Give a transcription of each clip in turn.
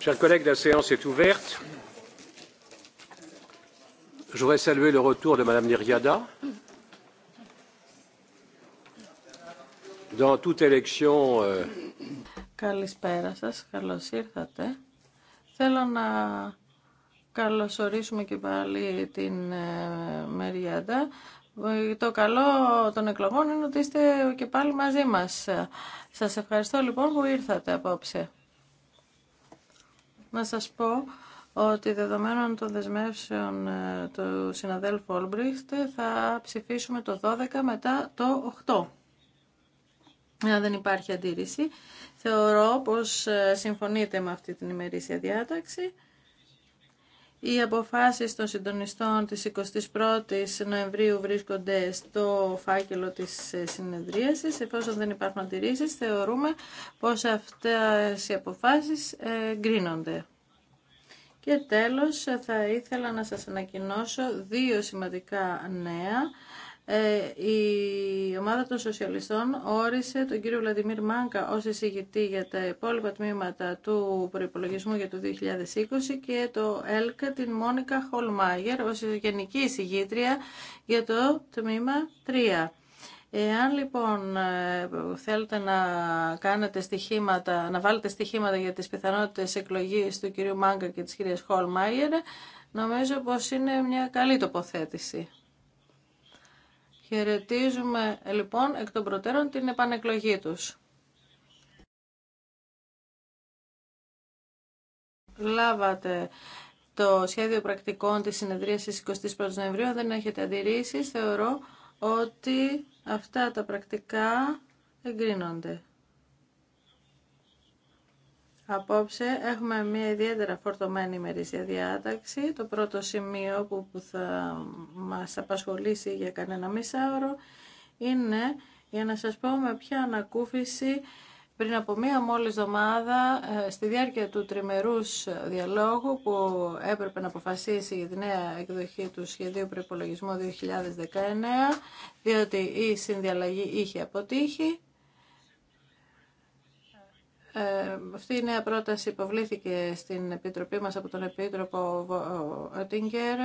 Chers collègues, la séance est ouverte. Je Καλησπέρα σας, καλώς ήρθατε. Θέλω να καλωσορίσουμε και πάλι την ε, Μεριάντα. Το καλό των εκλογών είναι ότι είστε και πάλι μαζί μας. Σας ευχαριστώ λοιπόν που ήρθατε απόψε. Να σας πω ότι δεδομένων των δεσμεύσεων ε, του συναδέλφου Ολμπρίχτ θα ψηφίσουμε το 12 μετά το 8. Αν ε, δεν υπάρχει αντίρρηση, θεωρώ πως ε, συμφωνείτε με αυτή την ημερήσια διάταξη. Οι αποφάσεις των συντονιστών της 21ης Νοεμβρίου βρίσκονται στο φάκελο της ε, συνεδρίασης. Εφόσον δεν υπάρχουν αντιρρήσεις, θεωρούμε πως αυτές οι αποφάσεις γκρίνονται. Και τέλος, θα ήθελα να σας ανακοινώσω δύο σημαντικά νέα ε, η ομάδα των σοσιαλιστών όρισε τον κύριο Βλαδιμίρ Μάνκα ως εισηγητή για τα υπόλοιπα τμήματα του προϋπολογισμού για το 2020 και το ΕΛΚΑ την Μόνικα Χολμάγερ ως γενική εισηγήτρια για το τμήμα 3. Εάν λοιπόν ε, θέλετε να κάνετε στοιχήματα, να βάλετε στοιχήματα για τις πιθανότητες εκλογής του κυρίου Μάγκα και της κυρίας Χολμάγερ, νομίζω πως είναι μια καλή τοποθέτηση. Χαιρετίζουμε λοιπόν εκ των προτέρων την επανεκλογή τους. Λάβατε το σχέδιο πρακτικών της συνεδρίας της 21ης Νοεμβρίου. δεν έχετε αντιρρήσεις, θεωρώ ότι αυτά τα πρακτικά εγκρίνονται. Απόψε έχουμε μια ιδιαίτερα φορτωμένη ημερήσια διάταξη. Το πρώτο σημείο που θα μας απασχολήσει για κανένα μισάωρο είναι για να σας πω με ποια ανακούφιση πριν από μία μόλις εβδομάδα, ε, στη διάρκεια του τριμερούς διαλόγου που έπρεπε να αποφασίσει η νέα εκδοχή του σχεδίου προπολογισμού 2019, διότι η συνδιαλλαγή είχε αποτύχει, ε, αυτή η νέα πρόταση υποβλήθηκε στην Επιτροπή μας από τον Επίτροπο Οτίνγκερ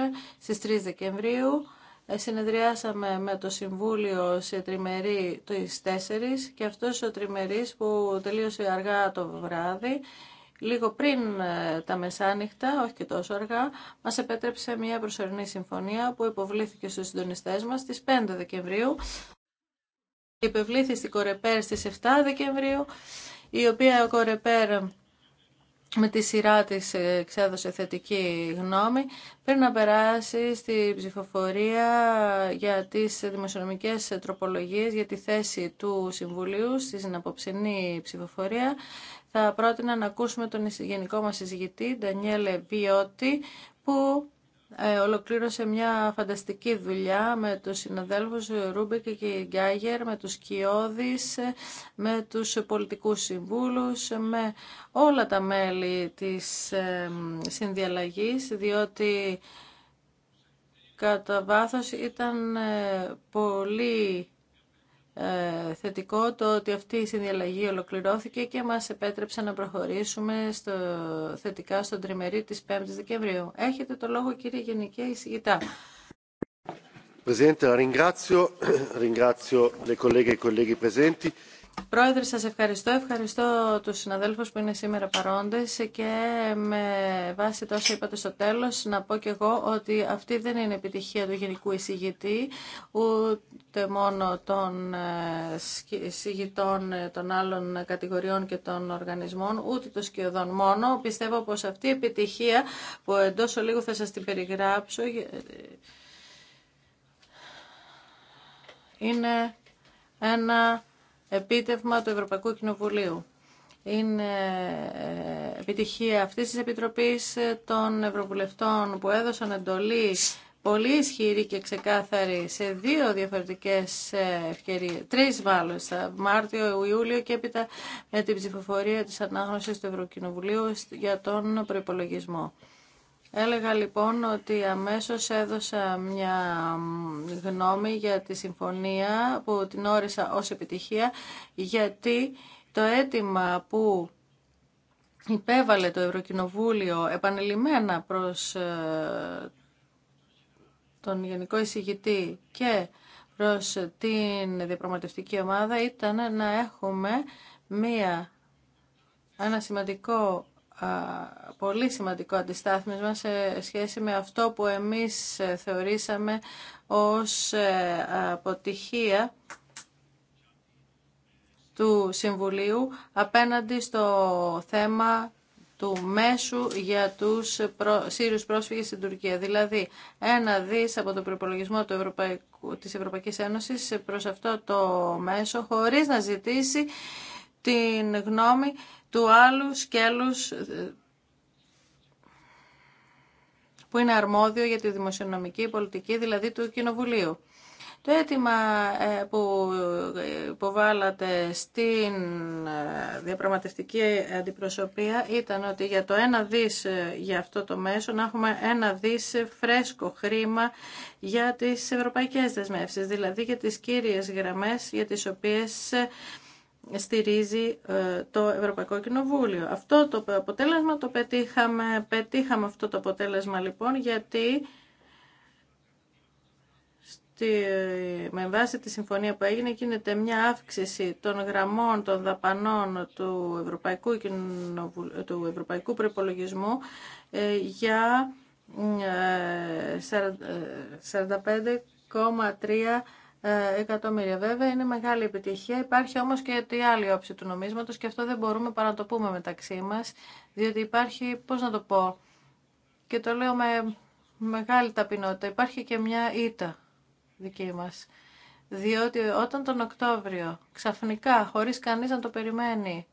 στις 3 Δεκεμβρίου. Ε, συνεδριάσαμε με το Συμβούλιο σε τριμερή το 4 και αυτός ο τριμερής που τελείωσε αργά το βράδυ λίγο πριν ε, τα μεσάνυχτα, όχι και τόσο αργά, μας επέτρεψε μια προσωρινή συμφωνία που υποβλήθηκε στους συντονιστές μας στις 5 Δεκεμβρίου. Υπευλήθη στην Κορεπέρ στις 7 Δεκεμβρίου η οποία ο Κορεπέρ με τη σειρά της ε, εξέδωσε θετική γνώμη πριν να περάσει στη ψηφοφορία για τις δημοσιονομικές τροπολογίες για τη θέση του Συμβουλίου στη συναποψινή ψηφοφορία. Θα πρότεινα να ακούσουμε τον γενικό μας συζητητή Ντανιέλε Βιώτη που ε, ολοκλήρωσε μια φανταστική δουλειά με τους συναδέλφους Ρούμπεκ και Γκάγερ, με τους Κιώδης, με τους πολιτικούς συμβούλους, με όλα τα μέλη της συνδιαλλαγής, διότι κατά βάθος ήταν ε, πολύ ε, θετικό το ότι αυτή η συνδιαλλαγή ολοκληρώθηκε και μας επέτρεψε να προχωρήσουμε στο, θετικά στον τριμερή της 5ης Δεκεμβρίου. Έχετε το λόγο κύριε Γενική Εισηγητά. Presidente, ringrazio, ringrazio le colleghe e colleghi presenti. Πρόεδρε, σας ευχαριστώ. Ευχαριστώ τους συναδέλφους που είναι σήμερα παρόντες και με βάση τόσο είπατε στο τέλος να πω και εγώ ότι αυτή δεν είναι επιτυχία του Γενικού Εισηγητή ούτε μόνο των ε, εισηγητών ε, των άλλων κατηγοριών και των οργανισμών ούτε των σκιωδών μόνο. Πιστεύω πως αυτή η επιτυχία που εντός λίγο θα σας την περιγράψω ε, είναι ένα επίτευγμα του Ευρωπαϊκού Κοινοβουλίου. Είναι ε, επιτυχία αυτής της Επιτροπής ε, των Ευρωβουλευτών που έδωσαν εντολή πολύ ισχυρή και ξεκάθαρη σε δύο διαφορετικές ε, ευκαιρίες, τρεις μάλλον, Μάρτιο, Ιούλιο και έπειτα με την ψηφοφορία της ανάγνωσης του Ευρωκοινοβουλίου για τον προϋπολογισμό. Έλεγα λοιπόν ότι αμέσως έδωσα μια γνώμη για τη συμφωνία που την όρισα ως επιτυχία γιατί το αίτημα που υπέβαλε το Ευρωκοινοβούλιο επανελειμμένα προς ε, τον Γενικό Εισηγητή και προς την διαπραγματευτική ομάδα ήταν να έχουμε μία, ένα σημαντικό πολύ σημαντικό αντιστάθμισμα σε σχέση με αυτό που εμείς ε, θεωρήσαμε ως ε, αποτυχία του Συμβουλίου απέναντι στο θέμα του μέσου για τους προ... Σύριους πρόσφυγες στην Τουρκία. Δηλαδή, ένα δις από τον προπολογισμό του Ευρωπαϊκού... της Ευρωπαϊκής Ένωσης προς αυτό το μέσο, χωρίς να ζητήσει την γνώμη του άλλου σκέλους ε, που είναι αρμόδιο για τη δημοσιονομική πολιτική, δηλαδή του Κοινοβουλίου. Το αίτημα ε, που υποβάλλατε στην ε, διαπραγματευτική αντιπροσωπεία ήταν ότι για το ένα δις για αυτό το μέσο να έχουμε ένα δις φρέσκο χρήμα για τις ευρωπαϊκές δεσμεύσεις, δηλαδή για τις κύριες γραμμές για τις οποίες στηρίζει ε, το Ευρωπαϊκό Κοινοβούλιο. Αυτό το αποτέλεσμα το πετύχαμε, πετύχαμε αυτό το αποτέλεσμα λοιπόν γιατί με βάση τη συμφωνία που έγινε γίνεται μια αύξηση των γραμμών των δαπανών του Ευρωπαϊκού, του Ευρωπαϊκού Προπολογισμού ε, για 45,3 ε, ε, εκατομμύρια. Βέβαια είναι μεγάλη επιτυχία, υπάρχει όμως και η άλλη όψη του νομίσματος και αυτό δεν μπορούμε παρά να το πούμε μεταξύ μας, διότι υπάρχει, πώς να το πω, και το λέω με μεγάλη ταπεινότητα, υπάρχει και μια ήττα δική μας. Διότι όταν τον Οκτώβριο ξαφνικά, χωρίς κανείς να το περιμένει,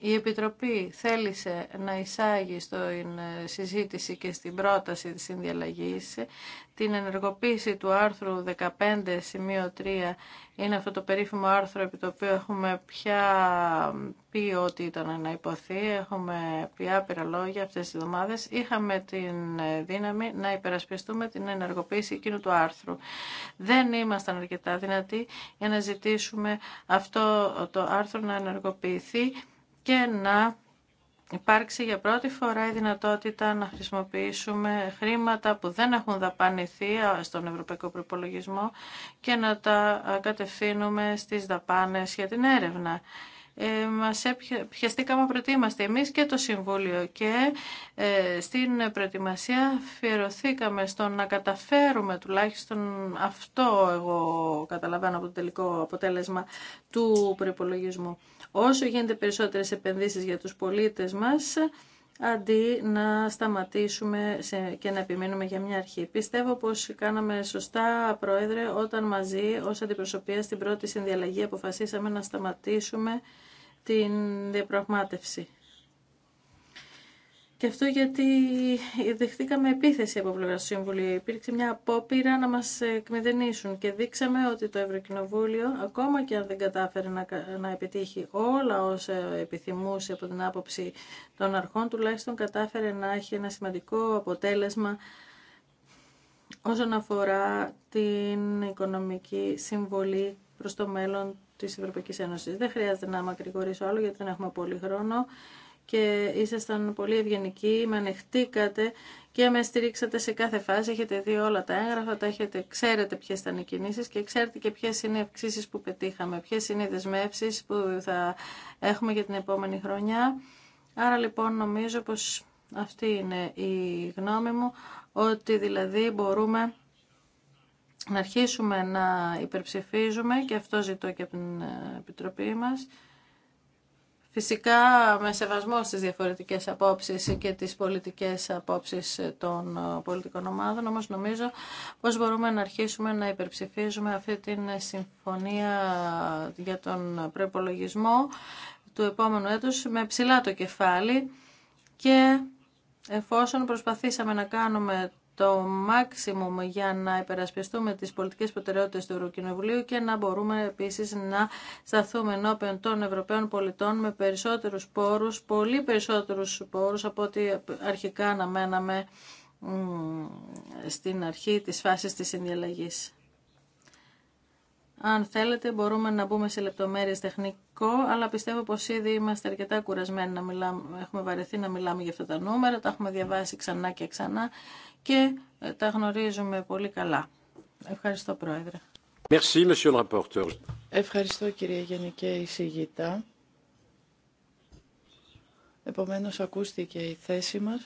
η Επιτροπή θέλησε να εισάγει στην ε, συζήτηση και στην πρόταση της συνδιαλλαγής ε, την ενεργοποίηση του άρθρου 15 3 είναι αυτό το περίφημο άρθρο επί το οποίο έχουμε πια πει ότι ήταν να υποθεί, έχουμε πει άπειρα λόγια αυτές τις εβδομάδες, είχαμε την ε, δύναμη να υπερασπιστούμε την ενεργοποίηση εκείνου του άρθρου. Δεν ήμασταν αρκετά δυνατοί για να ζητήσουμε αυτό το άρθρο να ενεργοποιηθεί και να υπάρξει για πρώτη φορά η δυνατότητα να χρησιμοποιήσουμε χρήματα που δεν έχουν δαπανηθεί στον Ευρωπαϊκό Προπολογισμό και να τα κατευθύνουμε στις δαπάνες για την έρευνα ε, μας πιαστήκαμε προτίμαστε εμείς και το Συμβούλιο και ε, στην προετοιμασία αφιερωθήκαμε στο να καταφέρουμε τουλάχιστον αυτό εγώ καταλαβαίνω από το τελικό αποτέλεσμα του προπολογισμού. Όσο γίνεται περισσότερες επενδύσεις για τους πολίτες μας, αντί να σταματήσουμε και να επιμείνουμε για μια αρχή. Πιστεύω πως κάναμε σωστά, Πρόεδρε, όταν μαζί ως αντιπροσωπεία στην πρώτη συνδιαλλαγή αποφασίσαμε να σταματήσουμε την διαπραγμάτευση. Και αυτό γιατί δεχτήκαμε επίθεση από πλευρά του Συμβουλίου. Υπήρξε μια απόπειρα να μας εκμηδενήσουν και δείξαμε ότι το Ευρωκοινοβούλιο, ακόμα και αν δεν κατάφερε να, να επιτύχει όλα όσα επιθυμούσε από την άποψη των αρχών, τουλάχιστον κατάφερε να έχει ένα σημαντικό αποτέλεσμα όσον αφορά την οικονομική συμβολή προς το μέλλον Τη Ευρωπαϊκή Ένωση. Δεν χρειάζεται να μακρηγορήσω άλλο γιατί δεν έχουμε πολύ χρόνο και ήσασταν πολύ ευγενικοί, με ανεχτήκατε και με στηρίξατε σε κάθε φάση. Έχετε δει όλα τα έγγραφα, τα έχετε, ξέρετε ποιε ήταν οι κινήσει και ξέρετε και ποιε είναι οι αυξήσει που πετύχαμε, ποιε είναι οι δεσμεύσει που θα έχουμε για την επόμενη χρονιά. Άρα λοιπόν νομίζω πως αυτή είναι η γνώμη μου, ότι δηλαδή μπορούμε να αρχίσουμε να υπερψηφίζουμε και αυτό ζητώ και από την ε, Επιτροπή μας. Φυσικά με σεβασμό στις διαφορετικές απόψεις και τις πολιτικές απόψεις των ε, πολιτικών ομάδων, όμως νομίζω πώς μπορούμε να αρχίσουμε να υπερψηφίζουμε αυτή την συμφωνία για τον προπολογισμό του επόμενου έτους με ψηλά το κεφάλι και εφόσον προσπαθήσαμε να κάνουμε το maximum για να υπερασπιστούμε τις πολιτικές προτεραιότητες του Ευρωκοινοβουλίου και να μπορούμε επίσης να σταθούμε ενώπιον των Ευρωπαίων πολιτών με περισσότερους πόρους, πολύ περισσότερους πόρους από ό,τι αρχικά αναμέναμε στην αρχή της φάσης της συνδιαλλαγής. Αν θέλετε μπορούμε να μπούμε σε λεπτομέρειες τεχνικό, αλλά πιστεύω πως ήδη είμαστε αρκετά κουρασμένοι να μιλάμε, έχουμε βαρεθεί να μιλάμε για αυτά τα νούμερα, τα έχουμε διαβάσει ξανά και ξανά και ε, τα γνωρίζουμε πολύ καλά. Ευχαριστώ, Πρόεδρε. Merci, Ευχαριστώ, κύριε Γενική Εισηγητά. Επομένως, ακούστηκε η θέση μας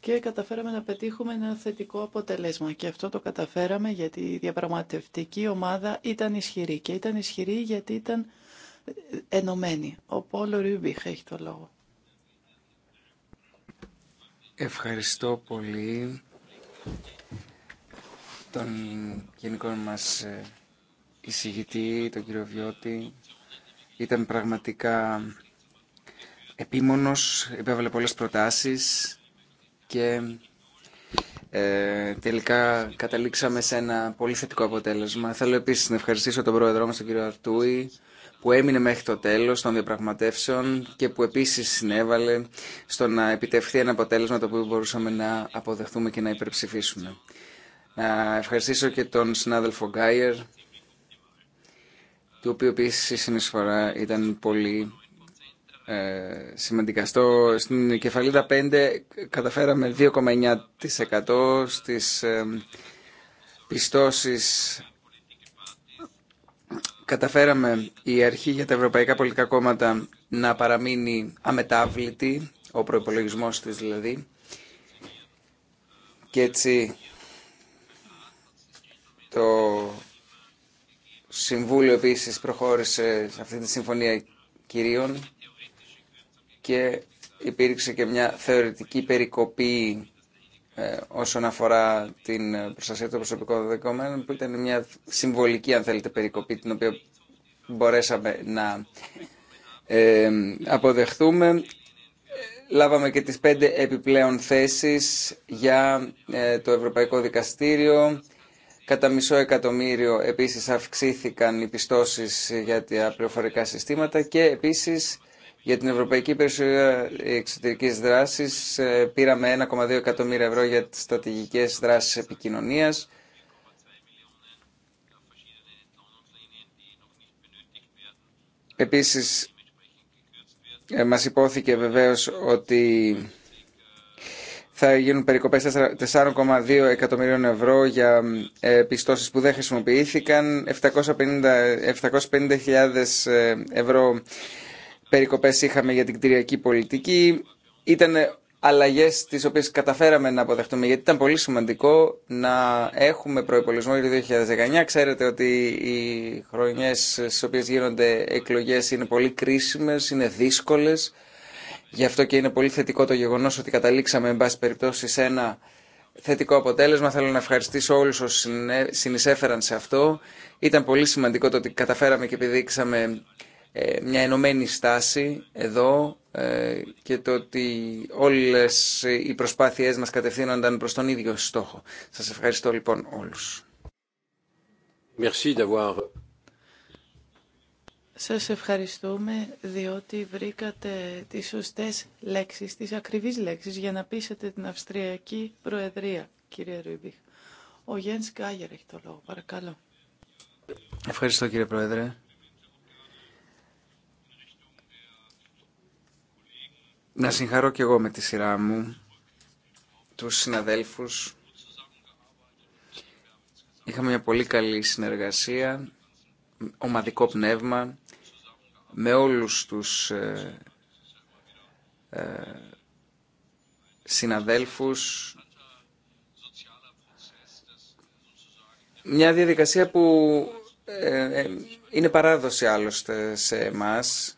και καταφέραμε να πετύχουμε ένα θετικό αποτελέσμα. Και αυτό το καταφέραμε γιατί η διαπραγματευτική ομάδα ήταν ισχυρή και ήταν ισχυρή γιατί ήταν ε, ενωμένη. Ο Πόλο Ριουμπίχ έχει το λόγο. Ευχαριστώ πολύ τον γενικό μας ε, εισηγητή, τον κύριο Βιώτη. Ήταν πραγματικά επίμονος, υπέβαλε πολλές προτάσεις και ε, τελικά καταλήξαμε σε ένα πολύ θετικό αποτέλεσμα. Θέλω επίσης να ευχαριστήσω τον πρόεδρό μας, τον κύριο Αρτούη, που έμεινε μέχρι το τέλος των διαπραγματεύσεων και που επίσης συνέβαλε στο να επιτευχθεί ένα αποτέλεσμα το οποίο μπορούσαμε να αποδεχθούμε και να υπερψηφίσουμε. Να ευχαριστήσω και τον συνάδελφο Γκάιερ, του οποίου επίση η συνεισφορά ήταν πολύ ε, σημαντικά. στην κεφαλίδα 5 καταφέραμε 2,9% στις ε, πιστώσεις καταφέραμε η αρχή για τα ευρωπαϊκά πολιτικά κόμματα να παραμείνει αμετάβλητη, ο προπολογισμό της δηλαδή, και έτσι το Συμβούλιο επίσης προχώρησε σε αυτή τη συμφωνία κυρίων και υπήρξε και μια θεωρητική περικοπή ε, όσον αφορά την προστασία των προσωπικών δεδομένων που ήταν μια συμβολική αν θέλετε περικοπή την οποία μπορέσαμε να ε, αποδεχθούμε. Λάβαμε και τις πέντε επιπλέον θέσεις για ε, το Ευρωπαϊκό Δικαστήριο. Κατά μισό εκατομμύριο επίσης αυξήθηκαν οι πιστώσεις για τα πληροφορικά συστήματα και επίσης για την Ευρωπαϊκή Περισσορία Εξωτερική Δράση ε, πήραμε 1,2 εκατομμύρια ευρώ για τι στρατηγικέ δράσει επικοινωνία. Επίσης, ε, μα υπόθηκε βεβαίω ότι θα γίνουν περικοπές 4,2 εκατομμυρίων ευρώ για ε, πιστώσεις που δεν χρησιμοποιήθηκαν, 750.000 ευρώ περικοπές είχαμε για την κτηριακή πολιτική. Ήταν αλλαγές τις οποίες καταφέραμε να αποδεχτούμε γιατί ήταν πολύ σημαντικό να έχουμε προϋπολογισμό για το 2019. Ξέρετε ότι οι χρονιές στι οποίες γίνονται εκλογές είναι πολύ κρίσιμες, είναι δύσκολες. Γι' αυτό και είναι πολύ θετικό το γεγονός ότι καταλήξαμε εν πάση περιπτώσει σε ένα θετικό αποτέλεσμα. Θέλω να ευχαριστήσω όλους όσους συνεισέφεραν σε αυτό. Ήταν πολύ σημαντικό το ότι καταφέραμε και επιδείξαμε ε, μια ενωμένη στάση εδώ ε, και το ότι όλες οι προσπάθειές μας κατευθύνονταν προς τον ίδιο στόχο. Σας ευχαριστώ λοιπόν όλους. Merci σας ευχαριστούμε διότι βρήκατε τις σωστές λέξεις, τις ακριβείς λέξεις για να πείσετε την Αυστριακή Προεδρία, κύριε Ρούιμπιχ. Ο Γιάννης Γκάγερ έχει το λόγο, παρακαλώ. Ευχαριστώ κύριε Πρόεδρε. Να συγχαρώ και εγώ με τη σειρά μου τους συναδέλφους. Είχαμε μια πολύ καλή συνεργασία, ομαδικό πνεύμα, με όλους τους ε, ε συναδέλφους. Μια διαδικασία που ε, ε, είναι παράδοση άλλωστε σε εμάς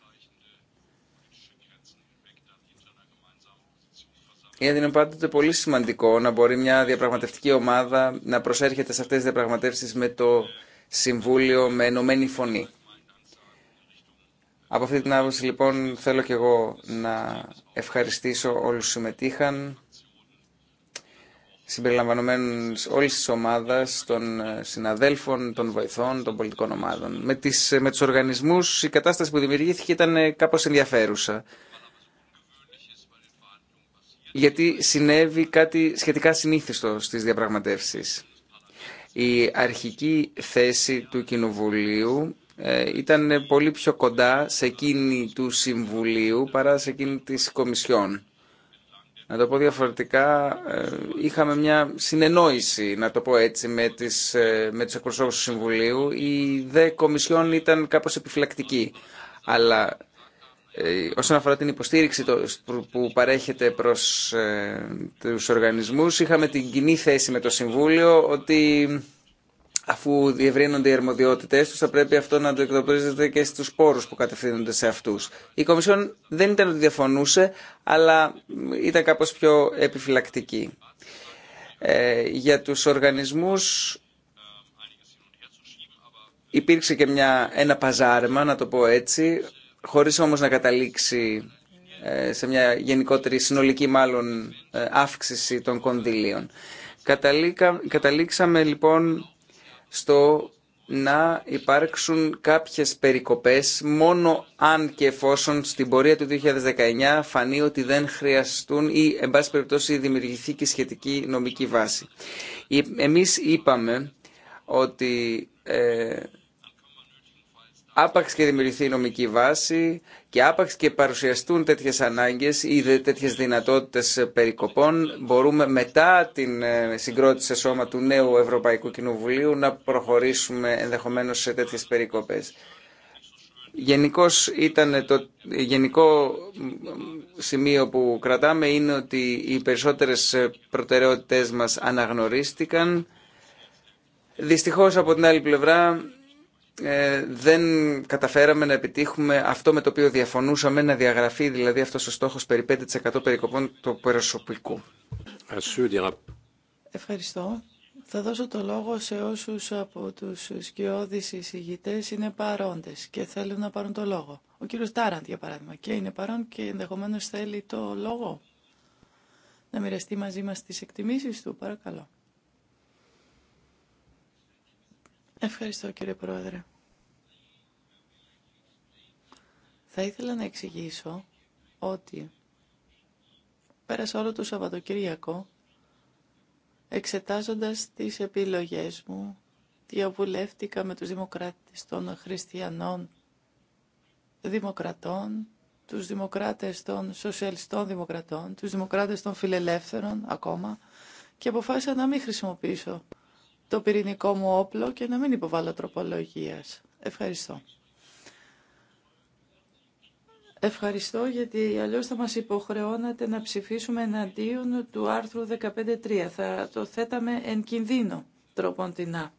είναι πάντοτε πολύ σημαντικό να μπορεί μια διαπραγματευτική ομάδα να προσέρχεται σε αυτές τις διαπραγματεύσεις με το Συμβούλιο με ενωμένη φωνή. Από αυτή την άποψη λοιπόν θέλω και εγώ να ευχαριστήσω όλους που συμμετείχαν συμπεριλαμβανομένων όλης της ομάδας, των συναδέλφων, των βοηθών, των πολιτικών ομάδων. Με, τις, με τους οργανισμούς η κατάσταση που δημιουργήθηκε ήταν κάπως ενδιαφέρουσα γιατί συνέβη κάτι σχετικά συνήθιστο στις διαπραγματεύσεις. Η αρχική θέση του Κοινοβουλίου ε, ήταν πολύ πιο κοντά σε εκείνη του Συμβουλίου παρά σε εκείνη της Κομισιόν. Να το πω διαφορετικά, ε, είχαμε μια συνεννόηση, να το πω έτσι, με, τις, ε, με εκπροσώπους του Συμβουλίου. Η δε Κομισιόν ήταν κάπως επιφυλακτική. Αλλά ε, όσον αφορά την υποστήριξη που παρέχεται προς ε, τους οργανισμούς, είχαμε την κοινή θέση με το Συμβούλιο ότι αφού διευρύνονται οι αρμοδιότητε του, θα πρέπει αυτό να το εκδοπρίζεται και στους πόρους που κατευθύνονται σε αυτούς. Η Κομισιόν δεν ήταν ότι διαφωνούσε, αλλά ήταν κάπως πιο επιφυλακτική. Ε, για τους οργανισμούς υπήρξε και μια, ένα παζάρεμα, να το πω έτσι, χωρίς όμως να καταλήξει ε, σε μια γενικότερη συνολική μάλλον ε, αύξηση των κονδυλίων. Καταλήξαμε λοιπόν στο να υπάρξουν κάποιες περικοπές μόνο αν και εφόσον στην πορεία του 2019 φανεί ότι δεν χρειαστούν ή εν πάση περιπτώσει δημιουργηθεί και σχετική νομική βάση. Εμείς είπαμε ότι ε, άπαξ και δημιουργηθεί η νομική βάση και άπαξ και παρουσιαστούν τέτοιες ανάγκες ή τέτοιες δυνατότητες περικοπών μπορούμε μετά την ε, συγκρότηση σε σώμα του νέου Ευρωπαϊκού Κοινοβουλίου να προχωρήσουμε ενδεχομένως σε τέτοιες περικοπές. ήταν το γενικό σημείο που κρατάμε είναι ότι οι περισσότερες προτεραιότητες μας αναγνωρίστηκαν. Δυστυχώς από την άλλη πλευρά ε, δεν καταφέραμε να επιτύχουμε αυτό με το οποίο διαφωνούσαμε, να διαγραφεί δηλαδή αυτός ο στόχος περί 5% περικοπών του προσωπικού. Ευχαριστώ. Θα δώσω το λόγο σε όσους από τους σκιώδεις εισηγητές είναι παρόντες και θέλουν να πάρουν το λόγο. Ο κύριος Τάραντ για παράδειγμα και είναι παρόν και ενδεχομένως θέλει το λόγο να μοιραστεί μαζί μας τις εκτιμήσεις του. Παρακαλώ. Ευχαριστώ κύριε Πρόεδρε. Θα ήθελα να εξηγήσω ότι πέρασα όλο το Σαββατοκύριακο εξετάζοντας τις επιλογές μου, διαβουλεύτηκα με τους δημοκράτες των χριστιανών δημοκρατών, τους δημοκράτες των σοσιαλιστών δημοκρατών, τους δημοκράτες των φιλελεύθερων ακόμα και αποφάσισα να μην χρησιμοποιήσω το πυρηνικό μου όπλο και να μην υποβάλω τροπολογίας. Ευχαριστώ. Ευχαριστώ γιατί αλλιώς θα μας υποχρεώνατε να ψηφίσουμε εναντίον του άρθρου 15.3. Θα το θέταμε εν κινδύνο Α.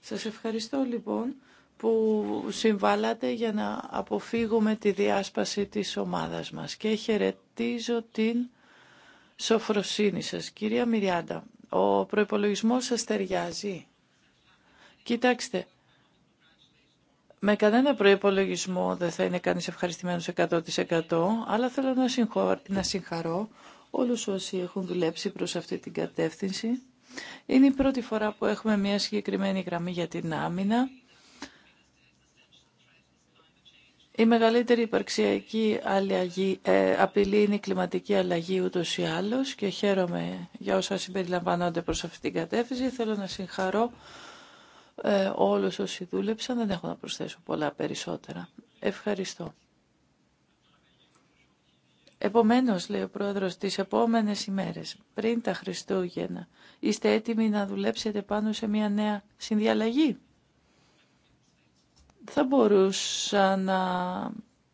Σας ευχαριστώ λοιπόν που συμβάλατε για να αποφύγουμε τη διάσπαση της ομάδας μας και χαιρετίζω την σοφροσύνη σας. Κυρία Μυριάντα, ο προϋπολογισμός σας ταιριάζει. Κοιτάξτε, με κανένα προϋπολογισμό δεν θα είναι κανείς ευχαριστημένος 100% αλλά θέλω να, συγχω... να συγχαρώ όλους όσοι έχουν δουλέψει προς αυτή την κατεύθυνση. Είναι η πρώτη φορά που έχουμε μια συγκεκριμένη γραμμή για την άμυνα. Η μεγαλύτερη υπαρξιακή αλλαγή, ε, απειλή είναι η κλιματική αλλαγή ούτω ή άλλως και χαίρομαι για όσα συμπεριλαμβάνονται προ αυτήν την κατεύθυνση. Θέλω να συγχαρώ ε, όλους όσοι δούλεψαν. Δεν έχω να προσθέσω πολλά περισσότερα. Ευχαριστώ. Επομένω, λέει ο πρόεδρο, τις επόμενες ημέρες, πριν τα Χριστούγεννα, είστε έτοιμοι να δουλέψετε πάνω σε μια νέα συνδιαλλαγή θα μπορούσα να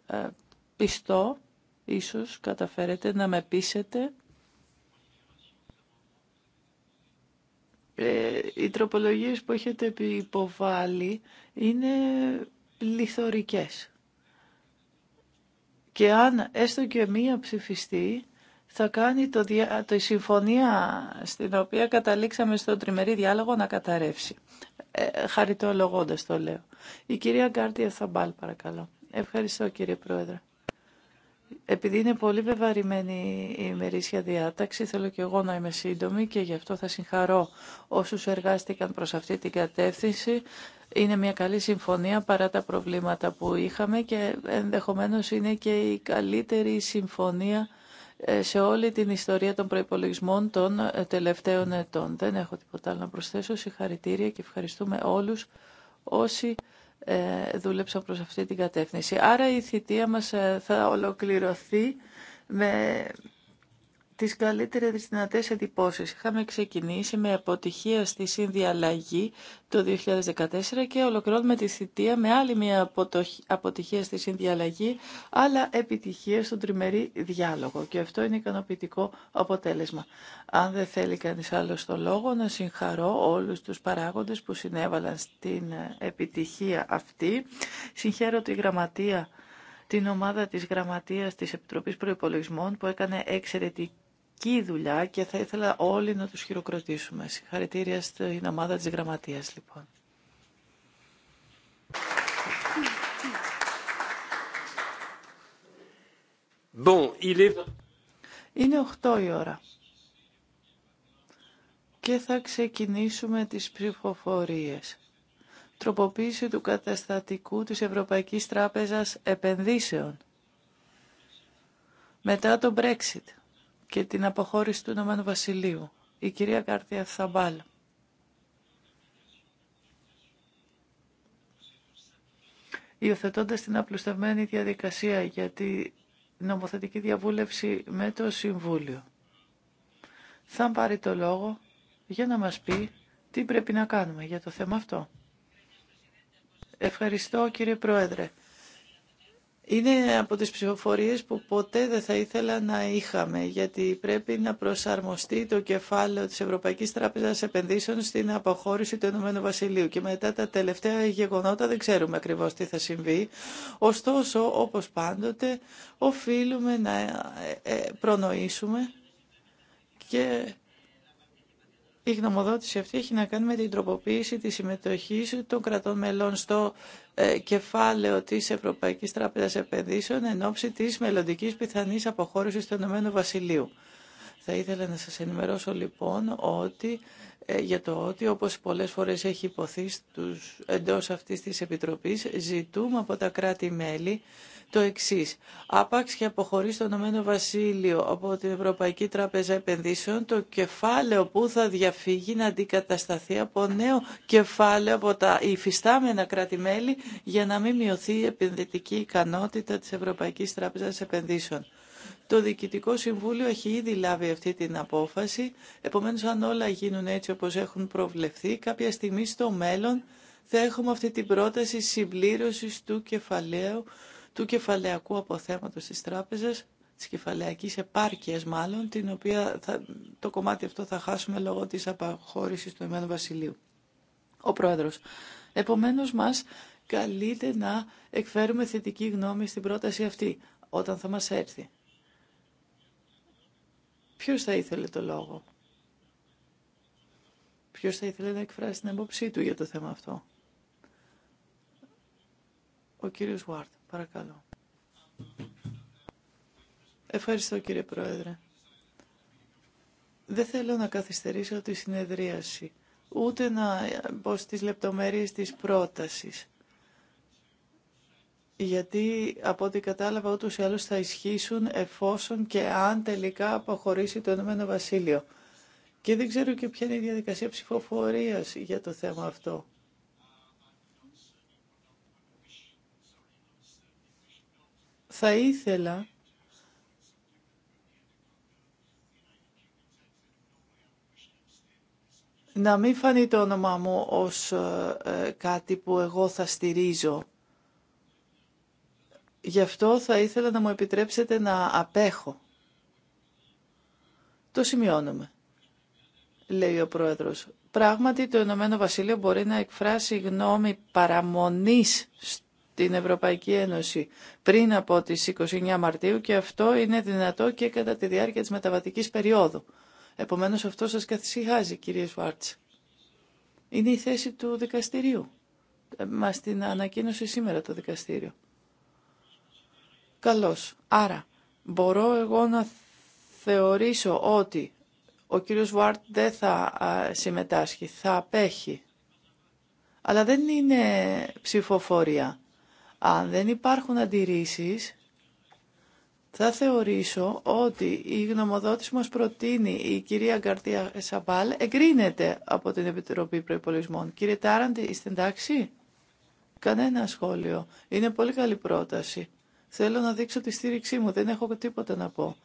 ε, πιστώ, ίσως καταφέρετε να με πείσετε, Ε, οι τροπολογίες που έχετε υποβάλει είναι πληθωρικές. Και αν έστω και μία ψηφιστή, θα κάνει το, το, συμφωνία στην οποία καταλήξαμε στο τριμερή διάλογο να καταρρεύσει. Ε, χαριτολογώντας το λέω. Η κυρία Γκάρτια Θαμπάλ παρακαλώ. Ευχαριστώ κύριε Πρόεδρε. Επειδή είναι πολύ βεβαρημένη η ημερήσια διάταξη, θέλω και εγώ να είμαι σύντομη και γι' αυτό θα συγχαρώ όσους εργάστηκαν προς αυτή την κατεύθυνση. Είναι μια καλή συμφωνία παρά τα προβλήματα που είχαμε και ενδεχομένως είναι και η καλύτερη συμφωνία ε, σε όλη την ιστορία των προϋπολογισμών των ε, τελευταίων ετών. Δεν έχω τίποτα άλλο να προσθέσω. Συγχαρητήρια και ευχαριστούμε όλους όσοι ε, δούλεψαν προς αυτή την κατεύθυνση. Άρα η θητεία μας θα ολοκληρωθεί με τις καλύτερες δυνατές εντυπώσεις. Είχαμε ξεκινήσει με αποτυχία στη συνδιαλλαγή το 2014 και ολοκληρώνουμε τη θητεία με άλλη μια αποτυχία στη συνδιαλλαγή, αλλά επιτυχία στον τριμερή διάλογο. Και αυτό είναι ικανοποιητικό αποτέλεσμα. Αν δεν θέλει κανείς άλλο το λόγο, να συγχαρώ όλους τους παράγοντες που συνέβαλαν στην επιτυχία αυτή. Συγχαίρω τη γραμματεία την ομάδα της Γραμματείας της Επιτροπής Προϋπολογισμών που έκανε εξαιρετική εξαιρετική δουλειά και θα ήθελα όλοι να τους χειροκροτήσουμε. Συγχαρητήρια στην ομάδα της γραμματείας λοιπόν. Bon, il est... Είναι 8 η ώρα και θα ξεκινήσουμε τις ψηφοφορίες. Τροποποίηση του καταστατικού της Ευρωπαϊκής Τράπεζας Επενδύσεων μετά το Brexit και την αποχώρηση του Ηνωμένου Βασιλείου. Η κυρία Κάρτια Θαμπάλ. Υιοθετώντας την απλουστευμένη διαδικασία για τη νομοθετική διαβούλευση με το Συμβούλιο. Θα πάρει το λόγο για να μας πει τι πρέπει να κάνουμε για το θέμα αυτό. Ευχαριστώ κύριε Πρόεδρε. Είναι από τις ψηφοφορίες που ποτέ δεν θα ήθελα να είχαμε, γιατί πρέπει να προσαρμοστεί το κεφάλαιο της Ευρωπαϊκής Τράπεζας Επενδύσεων στην αποχώρηση του Ηνωμένου Βασιλείου και μετά τα τελευταία γεγονότα δεν ξέρουμε ακριβώς τι θα συμβεί. Ωστόσο, όπως πάντοτε, οφείλουμε να ε, ε, προνοήσουμε και η γνωμοδότηση αυτή έχει να κάνει με την τροποποίηση της συμμετοχής των κρατών μελών στο ε, κεφάλαιο της Ευρωπαϊκής Τράπεζας Επενδύσεων εν ώψη της μελλοντικής πιθανής αποχώρησης του Ηνωμένου Βασιλείου. Θα ήθελα να σας ενημερώσω λοιπόν ότι ε, για το ότι όπως πολλές φορές έχει υποθεί στους, εντός αυτής της Επιτροπής ζητούμε από τα κράτη-μέλη το εξή. Άπαξ και αποχωρεί στο Ηνωμένο Βασίλειο από την Ευρωπαϊκή Τράπεζα Επενδύσεων το κεφάλαιο που θα διαφύγει να αντικατασταθεί από νέο κεφάλαιο από τα υφιστάμενα κράτη-μέλη για να μην μειωθεί η επενδυτική ικανότητα της Ευρωπαϊκής Τράπεζας Επενδύσεων. Το Διοικητικό Συμβούλιο έχει ήδη λάβει αυτή την απόφαση, επομένως αν όλα γίνουν έτσι όπως έχουν προβλεφθεί, κάποια στιγμή στο μέλλον θα έχουμε αυτή την πρόταση συμπλήρωσης του κεφαλαίου του κεφαλαιακού αποθέματος της τράπεζας, της κεφαλαιακής επάρκειας μάλλον, την οποία θα, το κομμάτι αυτό θα χάσουμε λόγω της απαχώρησης του Εμένου Βασιλείου. Ο Πρόεδρος. Επομένως μας καλείται να εκφέρουμε θετική γνώμη στην πρόταση αυτή, όταν θα μας έρθει. Ποιος θα ήθελε το λόγο. Ποιος θα ήθελε να εκφράσει την απόψή του για το θέμα αυτό. Ο κύριος Βουάρτ. Παρακαλώ. Ευχαριστώ κύριε Πρόεδρε. Δεν θέλω να καθυστερήσω τη συνεδρίαση, ούτε να μπω στις λεπτομέρειες της πρότασης. Γιατί από ό,τι κατάλαβα ούτως ή άλλως θα ισχύσουν εφόσον και αν τελικά αποχωρήσει το Ηνωμένο Βασίλειο. Και δεν ξέρω και ποια είναι η διαδικασία ψηφοφορίας για το θέμα αυτό. Θα ήθελα να μην φανεί το όνομά μου ως ε, κάτι που εγώ θα στηρίζω. Γι' αυτό θα ήθελα να μου επιτρέψετε να απέχω. Το σημειώνουμε, λέει ο Πρόεδρος. Πράγματι το Ηνωμένο Βασίλειο μπορεί να εκφράσει γνώμη παραμονής την Ευρωπαϊκή Ένωση πριν από τις 29 Μαρτίου και αυτό είναι δυνατό και κατά τη διάρκεια της μεταβατικής περίοδου. Επομένως αυτό σας καθησυχάζει κύριε Σουάρτς. Είναι η θέση του δικαστηρίου. Ε, μας την ανακοίνωσε σήμερα το δικαστήριο. Καλώς. Άρα μπορώ εγώ να θεωρήσω ότι ο κύριος Βουάρτ δεν θα συμμετάσχει, θα απέχει. Αλλά δεν είναι ψηφοφορία. Αν δεν υπάρχουν αντιρρήσεις, θα θεωρήσω ότι η γνωμοδότηση μας προτείνει η κυρία Γκαρτία Σαμπάλ εγκρίνεται από την Επιτροπή Προϋπολισμών. Κύριε Τάραντι, είστε εντάξει? Κανένα σχόλιο. Είναι πολύ καλή πρόταση. Θέλω να δείξω τη στήριξή μου. Δεν έχω τίποτα να πω.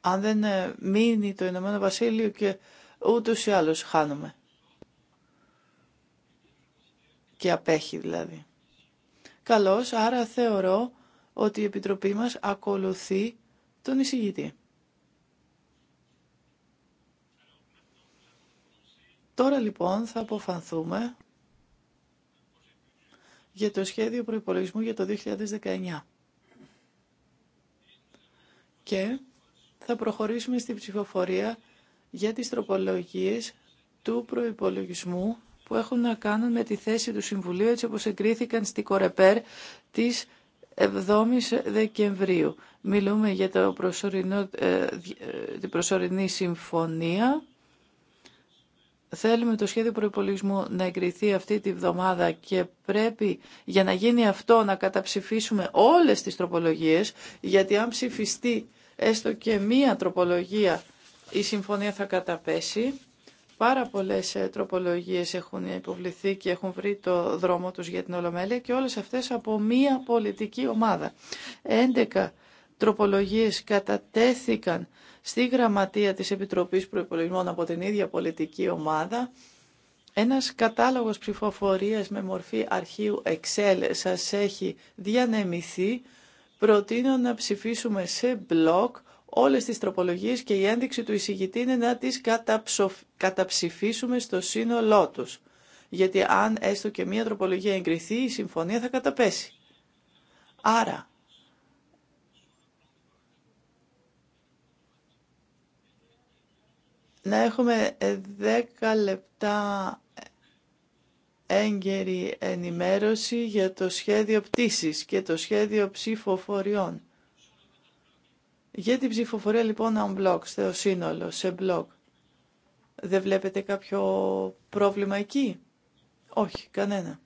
Αν δεν ε, μείνει το Ηνωμένο Βασίλειο και ούτως ή άλλως χάνουμε και απέχει δηλαδή. Καλώς, άρα θεωρώ ότι η Επιτροπή μας ακολουθεί τον εισηγητή. Τώρα λοιπόν θα αποφανθούμε για το σχέδιο προϋπολογισμού για το 2019. Και θα προχωρήσουμε στην ψηφοφορία για τις τροπολογίες του προϋπολογισμού που έχουν να κάνουν με τη θέση του Συμβουλίου έτσι όπως εγκρίθηκαν στη Κορεπέρ της 7ης Δεκεμβρίου. Μιλούμε για το προσωρινό, ε, ε, την προσωρινή συμφωνία. Θέλουμε το σχέδιο προπολογισμού να εγκριθεί αυτή τη βδομάδα και πρέπει για να γίνει αυτό να καταψηφίσουμε όλες τις τροπολογίες γιατί αν ψηφιστεί έστω και μία τροπολογία η συμφωνία θα καταπέσει. Πάρα πολλέ ε, τροπολογίε έχουν υποβληθεί και έχουν βρει το δρόμο τους για την Ολομέλεια και όλες αυτές από μία πολιτική ομάδα. 11 τροπολογίες κατατέθηκαν στη γραμματεία της Επιτροπής Προϋπολογισμών από την ίδια πολιτική ομάδα. Ένας κατάλογος ψηφοφορίας με μορφή αρχείου Excel σας έχει διανεμηθεί. Προτείνω να ψηφίσουμε σε μπλοκ όλες τις τροπολογίες και η ένδειξη του εισηγητή είναι να τις καταψηφίσουμε στο σύνολό τους. Γιατί αν έστω και μία τροπολογία εγκριθεί, η συμφωνία θα καταπέσει. Άρα, να έχουμε 10 λεπτά έγκαιρη ενημέρωση για το σχέδιο πτήσης και το σχέδιο ψηφοφοριών. Για την ψηφοφορία λοιπόν on block, στο σύνολο, σε block, δεν βλέπετε κάποιο πρόβλημα εκεί. Όχι, κανένα.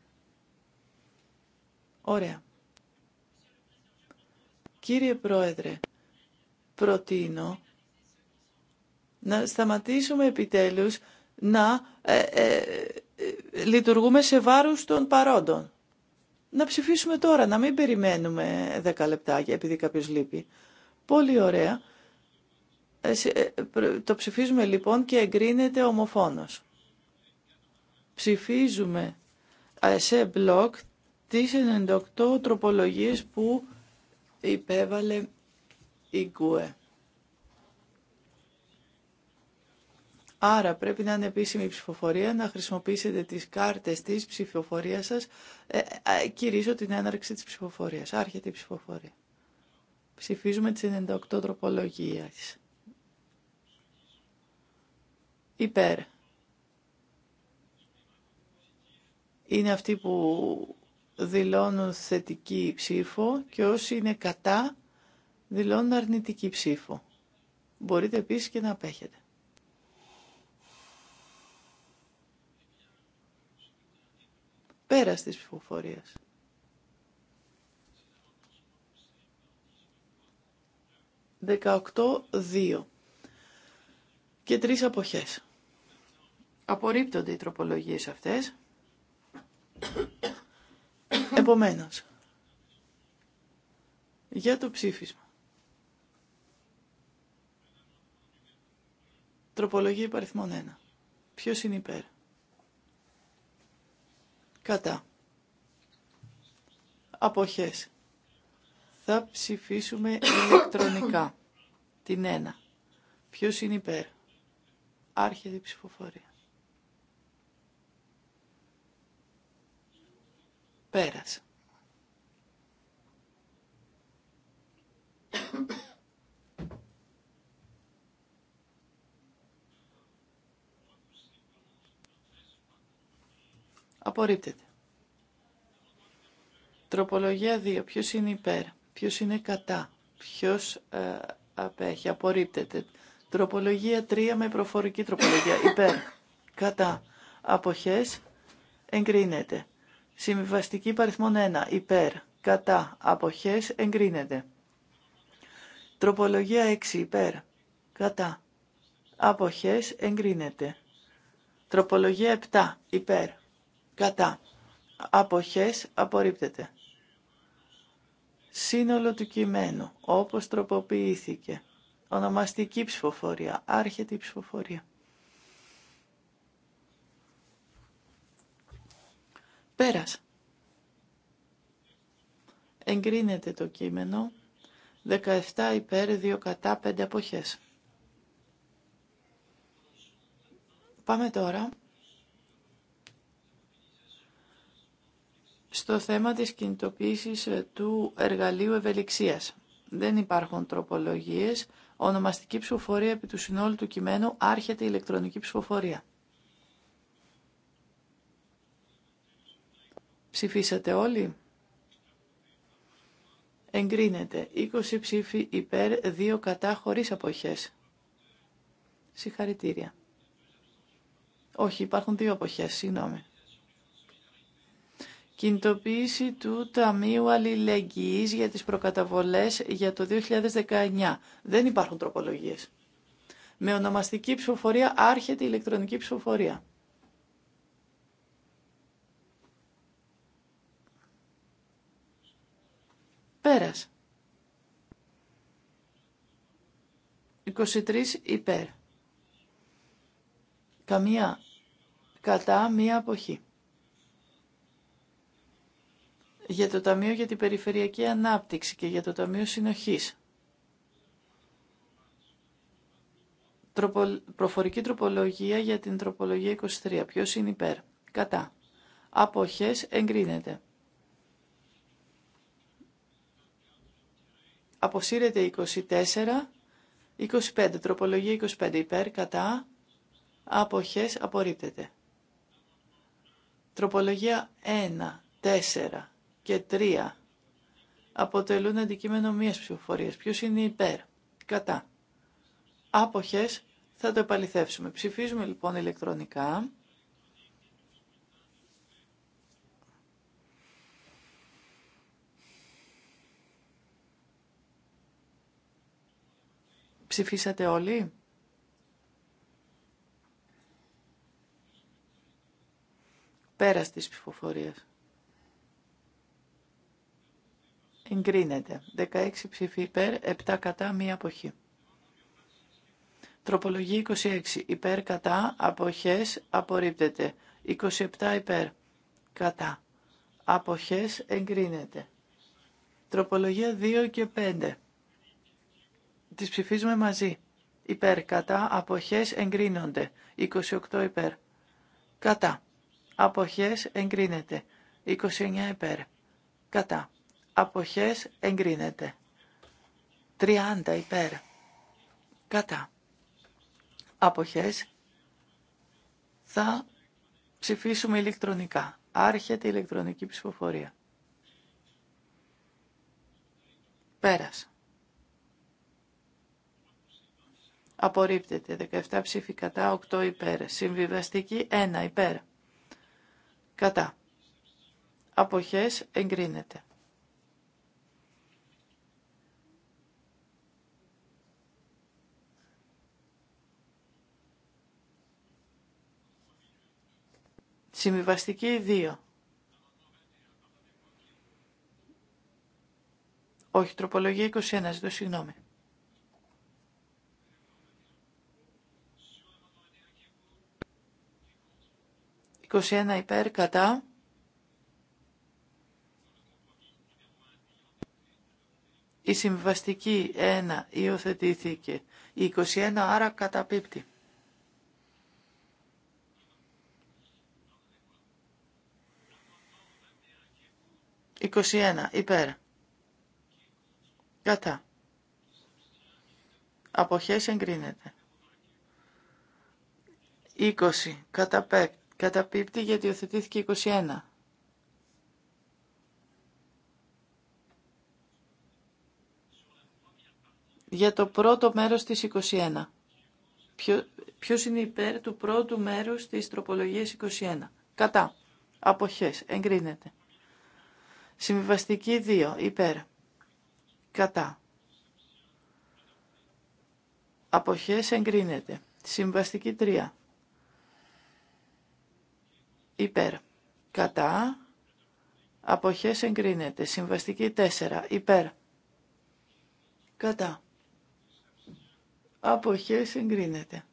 Ωραία. Κύριε Πρόεδρε, προτείνω να σταματήσουμε επιτέλους να ε, ε, ε, λειτουργούμε σε βάρος των παρόντων. Να ψηφίσουμε τώρα, να μην περιμένουμε 10 λεπτάκια επειδή κάποιος λείπει. Πολύ ωραία. Ε, ε, το ψηφίζουμε λοιπόν και εγκρίνεται ομοφόνος. Ψηφίζουμε ε, σε μπλοκ τις 98 τροπολογίες που υπέβαλε η ΚΟΕ. Άρα πρέπει να είναι επίσημη η ψηφοφορία, να χρησιμοποιήσετε τις κάρτες της ψηφοφορίας σας. Ε, την έναρξη της ψηφοφορίας. Άρχεται η ψηφοφορία. Ψηφίζουμε τις 98 τροπολογίες. Υπέρ. Είναι αυτοί που δηλώνουν θετική ψήφο και όσοι είναι κατά δηλώνουν αρνητική ψήφο. Μπορείτε επίσης και να απέχετε. Πέρα της ψηφοφορίας. 18-2 και τρεις αποχές. Απορρίπτονται οι τροπολογίε αυτές. Επομένως, για το ψήφισμα. Τροπολογία υπαριθμών 1. Ποιος είναι υπέρ. Κατά. Αποχές θα ψηφίσουμε ηλεκτρονικά. Την 1. Ποιος είναι υπέρ. Άρχεται η ψηφοφορία. Πέρασε. Απορρίπτεται. Τροπολογία 2. Ποιος είναι υπέρ. Ποιος είναι κατά. Ποιος ε, απέχει. Απορρίπτεται. Τροπολογία 3 με προφορική τροπολογία. Υπέρ. Κατά. Αποχές. Εγκρίνεται. Συμβιβαστική παριθμόν 1. Υπέρ. Κατά. Αποχές. Εγκρίνεται. Τροπολογία 6. Υπέρ. Κατά. Αποχές. Εγκρίνεται. Τροπολογία 7. Υπέρ. Κατά. Αποχές. Απορρίπτεται σύνολο του κειμένου, όπως τροποποιήθηκε. Ονομαστική ψηφοφορία, άρχεται η ψηφοφορία. Πέρας. Εγκρίνεται το κείμενο. 17 υπέρ, 2 κατά, 5 αποχές. Πάμε τώρα στο θέμα της κινητοποίησης ε, του εργαλείου ευελιξίας. Δεν υπάρχουν τροπολογίες. Ονομαστική ψηφοφορία επί του συνόλου του κειμένου άρχεται η ηλεκτρονική ψηφοφορία. Ψηφίσατε όλοι. Εγκρίνεται. 20 ψήφοι υπέρ, 2 κατά, χωρίς αποχές. Συγχαρητήρια. Όχι, υπάρχουν δύο αποχές, συγγνώμη. Κινητοποίηση του Ταμείου Αλληλεγγύης για τις προκαταβολές για το 2019. Δεν υπάρχουν τροπολογίες. Με ονομαστική ψηφοφορία άρχεται η ηλεκτρονική ψηφοφορία. Πέρας. 23 υπέρ. Καμία κατά μία αποχή για το Ταμείο για την Περιφερειακή Ανάπτυξη και για το Ταμείο Συνοχής. Προφορική τροπολογία για την τροπολογία 23. Ποιος είναι υπέρ. Κατά. Αποχές εγκρίνεται. Αποσύρεται 24. 25. Τροπολογία 25. Υπέρ. Κατά. Αποχές απορρίπτεται. Τροπολογία 1. 4 και 3 αποτελούν αντικείμενο μίας ψηφοφορίας. Ποιος είναι υπέρ, κατά. Άποχες θα το επαληθεύσουμε. Ψηφίζουμε λοιπόν ηλεκτρονικά. Ψηφίσατε όλοι. Πέρα της ψηφοφορίας. εγκρίνεται. 16 ψηφί υπέρ, 7 κατά, 1 αποχή. Τροπολογία 26. Υπέρ κατά, αποχές, απορρίπτεται. 27 υπέρ, κατά, αποχές, εγκρίνεται. Τροπολογία 2 και 5. Τις ψηφίζουμε μαζί. Υπέρ κατά, αποχές, εγκρίνονται. 28 υπέρ, κατά, αποχές, εγκρίνεται. 29 υπέρ, κατά, αποχές εγκρίνεται. 30 υπέρ κατά αποχές θα ψηφίσουμε ηλεκτρονικά. Άρχεται η ηλεκτρονική ψηφοφορία. Πέρας. Απορρίπτεται 17 ψήφοι κατά, 8 υπέρ. Συμβιβαστική 1 υπέρ. Κατά. Αποχές εγκρίνεται. Συμβιβαστική 2. Όχι, τροπολογία 21, ζητώ συγγνώμη. «21 υπέρ κατά». Η συμβαστική 1 υιοθετήθηκε. Η 21 άρα καταπίπτει. 21. Υπέρ. Κατά. Αποχές εγκρίνεται. 20. Καταπέ... Καταπίπτει γιατί οθετήθηκε 21. Για το πρώτο μέρος της 21. Ποιο, ποιος είναι υπέρ του πρώτου μέρους της τροπολογίας 21. Κατά. Αποχές. Εγκρίνεται. Συμβαστική 2. Υπέρ. Κατά. Αποχές εγκρίνεται. Συμβαστική 3. Υπέρ. Κατά. Αποχές εγκρίνεται. Συμβαστική 4. Υπέρ. Κατά. Αποχές εγκρίνεται.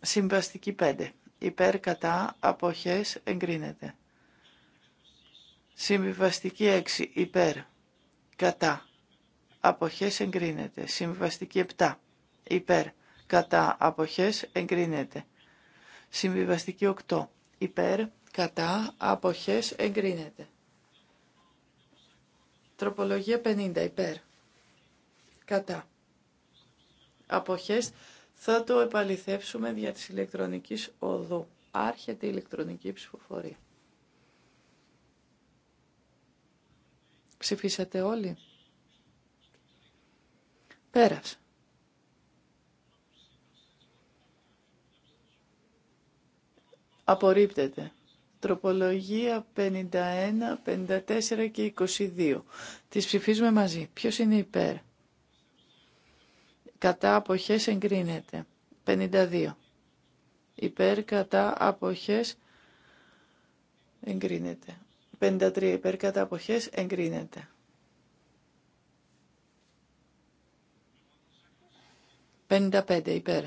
Συμβαστική 5 υπέρ κατά αποχές εγκρίνεται. Συμβιβαστική 6 υπέρ κατά αποχές εγκρίνεται. Συμβιβαστική 7 υπέρ κατά αποχές εγκρίνεται. Συμβιβαστική 8 υπέρ κατά αποχές εγκρίνεται. Τροπολογία 50 υπέρ κατά αποχές εγκρίνεται θα το επαληθεύσουμε δια της ηλεκτρονικής οδού. Άρχεται η ηλεκτρονική ψηφοφορία. Ψηφίσατε όλοι. Πέρασε. Απορρίπτεται. Τροπολογία 51, 54 και 22. Τις ψηφίζουμε μαζί. Ποιος είναι υπέρ κατά αποχές εγκρίνεται. 52. Υπέρ κατά αποχές εγκρίνεται. 53. Υπέρ κατά αποχές εγκρίνεται. 55. Υπέρ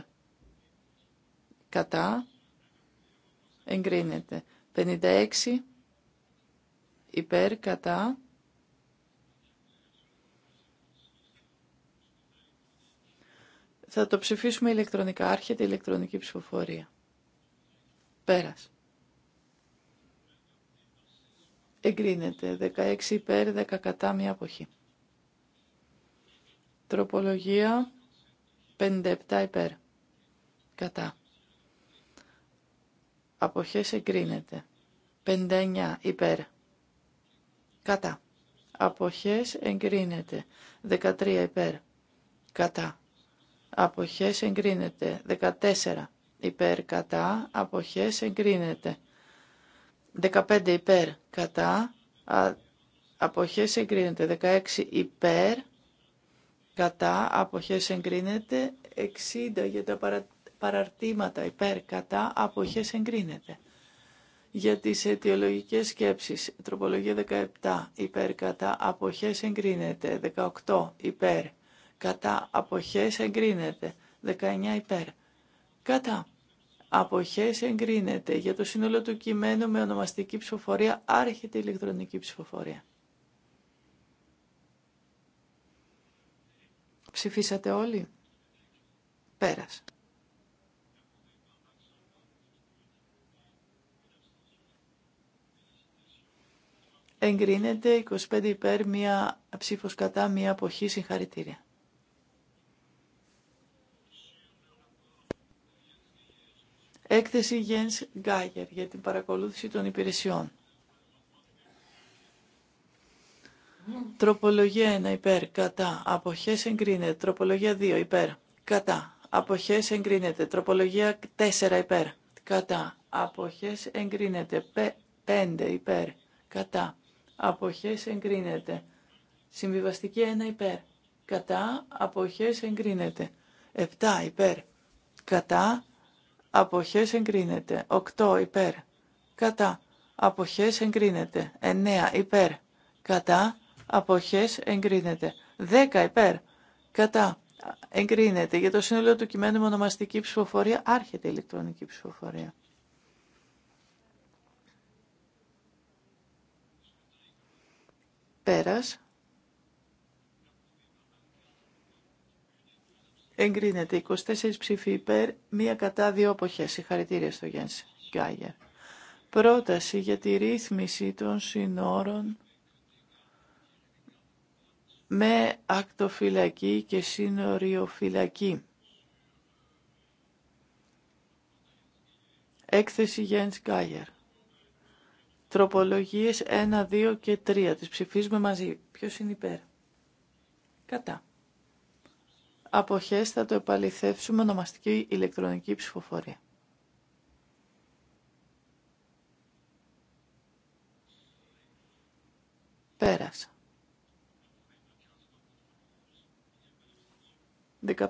κατά εγκρίνεται. 56. Υπέρ κατά Θα το ψηφίσουμε ηλεκτρονικά. Άρχεται η ηλεκτρονική ψηφοφορία. Πέρας. Εγκρίνεται. 16 υπέρ, 10 κατά, μία αποχή. Τροπολογία 57 υπέρ. Κατά. Αποχές εγκρίνεται. 59 υπέρ. Κατά. Αποχές εγκρίνεται. 13 υπέρ. Κατά αποχές εγκρίνεται. 14 υπέρ κατά αποχές εγκρίνεται. 15 υπέρ κατά αποχές εγκρίνεται. 16 υπέρ κατά αποχές εγκρίνεται. 60 για τα παραρτήματα υπέρ κατά αποχές εγκρίνεται. Για τις αιτιολογικές σκέψεις, τροπολογία 17 υπέρ κατά αποχές εγκρίνεται. 18 υπέρ κατά αποχές εγκρίνεται 19 υπέρ κατά αποχές εγκρίνεται για το σύνολο του κειμένου με ονομαστική ψηφοφορία άρχεται ηλεκτρονική ψηφοφορία ψηφίσατε όλοι πέρας εγκρίνεται 25 υπέρ μία ψήφος κατά μία αποχή συγχαρητήρια Έκθεση Γένς Γκάγερ για την παρακολούθηση των υπηρεσιών. Τροπολογία 1 υπέρ, κατά, αποχές εγκρίνεται. Τροπολογία 2 υπέρ, κατά, αποχές εγκρίνεται. Τροπολογία 4 υπέρ, κατά, αποχές εγκρίνεται. 5 υπέρ, κατά, αποχές εγκρίνεται. Συμβιβαστική 1 υπέρ, κατά, αποχές εγκρίνεται. 7 υπέρ, κατά, αποχές εγκρίνεται. 8 υπέρ, κατά, αποχές εγκρίνεται. 9 υπέρ, κατά, αποχές εγκρίνεται. 10 υπέρ, κατά, εγκρίνεται. Για το σύνολο του κειμένου με ονομαστική ψηφοφορία άρχεται η ηλεκτρονική ψηφοφορία. Πέρας. Εγκρίνεται 24 ψήφοι υπέρ, μία κατά δύο εποχές. Συγχαρητήρια στο Γιάννη Γκάγερ. Πρόταση για τη ρύθμιση των συνόρων με ακτοφυλακή και σύνοριοφυλακή. Έκθεση Γιάννης Γκάγερ. Τροπολογίες 1, 2 και 3. Τις ψηφίζουμε μαζί. Ποιος είναι υπέρ. Κατά αποχές θα το επαληθεύσουμε ονομαστική ηλεκτρονική ψηφοφορία. Πέρασα.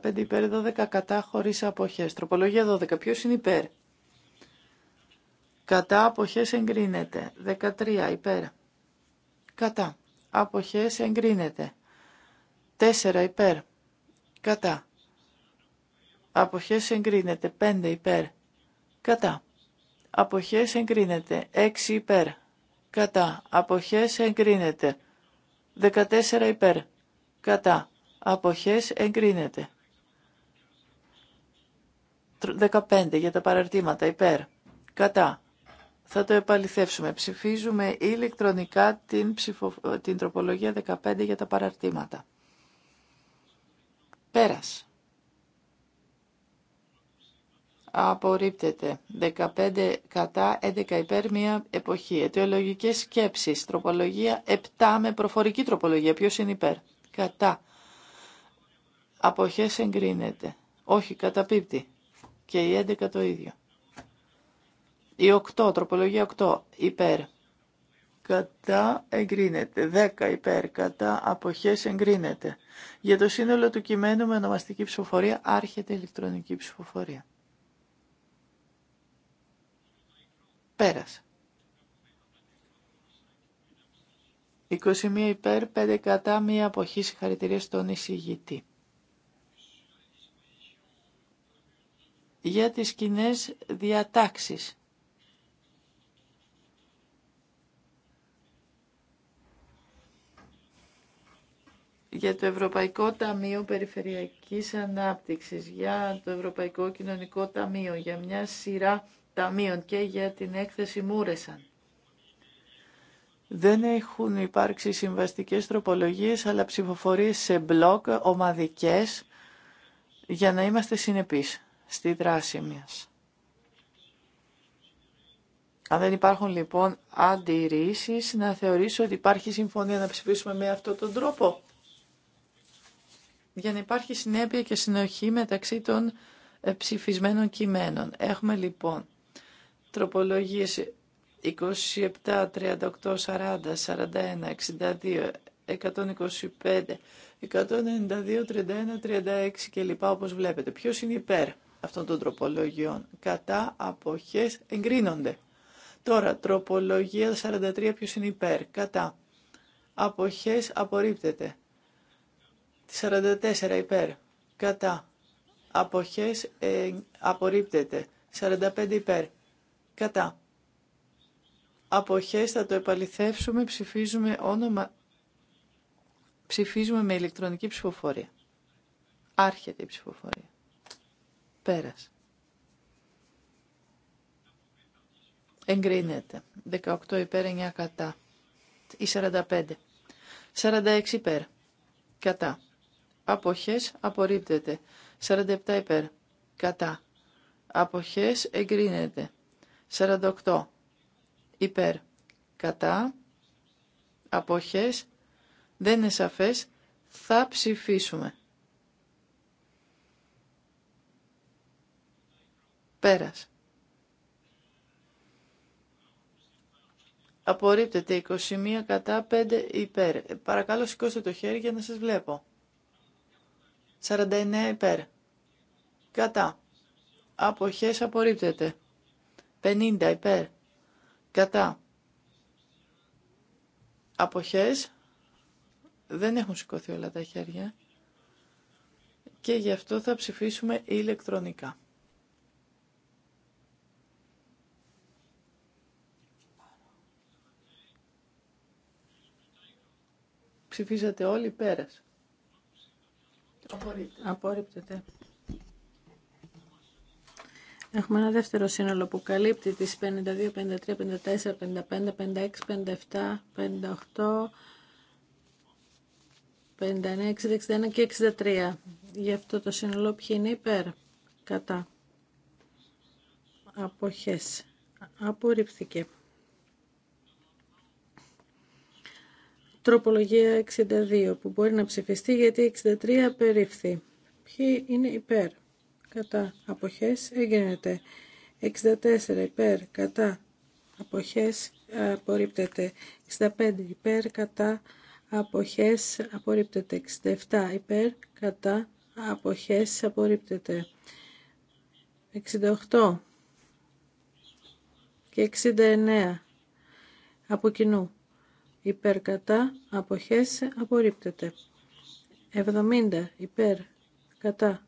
15 υπέρ, 12 κατά, χωρίς αποχές. Τροπολογία 12. Ποιος είναι υπέρ. Κατά αποχές εγκρίνεται. 13 υπέρ. Κατά. Αποχές εγκρίνεται. 4 υπέρ. Κατά. Αποχές εγκρίνεται. 5 υπέρ. Κατά. Αποχές εγκρίνεται. 6 υπέρ. Κατά. Αποχές εγκρίνεται. 14 υπέρ. Κατά. Αποχές εγκρίνεται. 15 για τα παραρτήματα υπέρ. Κατά. Θα το επαληθεύσουμε. Ψηφίζουμε ηλεκτρονικά την, ψηφο... την τροπολογία 15 για τα παραρτήματα. Πέρας. Απορρίπτεται. 15 κατά, 11 υπέρ, μία εποχή. Αιτιολογικές σκέψεις. Τροπολογία 7 με προφορική τροπολογία. Ποιος είναι υπέρ. Κατά. Αποχές εγκρίνεται. Όχι, καταπίπτει. Και η 11 το ίδιο. Η 8, τροπολογία 8, υπέρ κατά εγκρίνεται. 10 υπέρ κατά αποχές εγκρίνεται. Για το σύνολο του κειμένου με ονομαστική ψηφοφορία άρχεται ηλεκτρονική ψηφοφορία. Πέρασε. 21 υπέρ, 5 κατά, μία αποχή συγχαρητηρία στον εισηγητή. Για τις κοινέ διατάξεις. για το Ευρωπαϊκό Ταμείο Περιφερειακής Ανάπτυξης, για το Ευρωπαϊκό Κοινωνικό Ταμείο, για μια σειρά ταμείων και για την έκθεση Μούρεσαν. Δεν έχουν υπάρξει συμβαστικές τροπολογίες, αλλά ψηφοφορίες σε μπλοκ, ομαδικές, για να είμαστε συνεπείς στη δράση μιας. Αν δεν υπάρχουν λοιπόν αντιρρήσεις, να θεωρήσω ότι υπάρχει συμφωνία να ψηφίσουμε με αυτόν τον τρόπο για να υπάρχει συνέπεια και συνοχή μεταξύ των ε, ψηφισμένων κειμένων. Έχουμε λοιπόν τροπολογίες 27, 38, 40, 41, 62, 125, 192, 31, 36 κλπ. όπως βλέπετε. Ποιος είναι υπέρ αυτών των τροπολογιών. Κατά αποχές εγκρίνονται. Τώρα, τροπολογία 43, ποιος είναι υπέρ. Κατά αποχές απορρίπτεται. 44 υπέρ. Κατά. Αποχές ε, απορρίπτεται. 45 υπέρ. Κατά. Αποχές θα το επαληθεύσουμε. Ψηφίζουμε όνομα. Ψηφίζουμε με ηλεκτρονική ψηφοφορία. Άρχεται η ψηφοφορία. Πέρας. Εγκρίνεται. 18 υπέρ 9 κατά. Ή 45. 46 υπέρ. Κατά αποχές απορρίπτεται. 47 υπέρ κατά αποχές εγκρίνεται. 48 υπέρ κατά αποχές δεν είναι σαφές θα ψηφίσουμε. Πέρας. Απορρίπτεται 21 κατά 5 υπέρ. Παρακαλώ σηκώστε το χέρι για να σας βλέπω. 49 υπέρ. Κατά. Αποχές απορρίπτεται. 50 υπέρ. Κατά. Αποχές. Δεν έχουν σηκωθεί όλα τα χέρια. Και γι' αυτό θα ψηφίσουμε ηλεκτρονικά. Ψηφίζατε όλοι πέρας. Απορρίπτεται. Έχουμε ένα δεύτερο σύνολο που καλύπτει τις 52, 53, 54, 55, 56, 57, 58, 59, 60, 61 και 63. Γι' αυτό το σύνολο ποιοι είναι υπέρ, κατά, αποχές, Απορρίπθηκε. τροπολογία 62 που μπορεί να ψηφιστεί γιατί 63 απερίφθη. Ποιοι είναι υπέρ, κατά, αποχές, εγκρίνεται. 64 υπέρ, κατά, αποχές, απορρίπτεται. 65 υπέρ, κατά, αποχές, απορρίπτεται. 67 υπέρ, κατά, αποχές, απορρίπτεται. 68 και 69 από κοινού υπέρ κατά αποχές απορρίπτεται 70 υπέρ κατά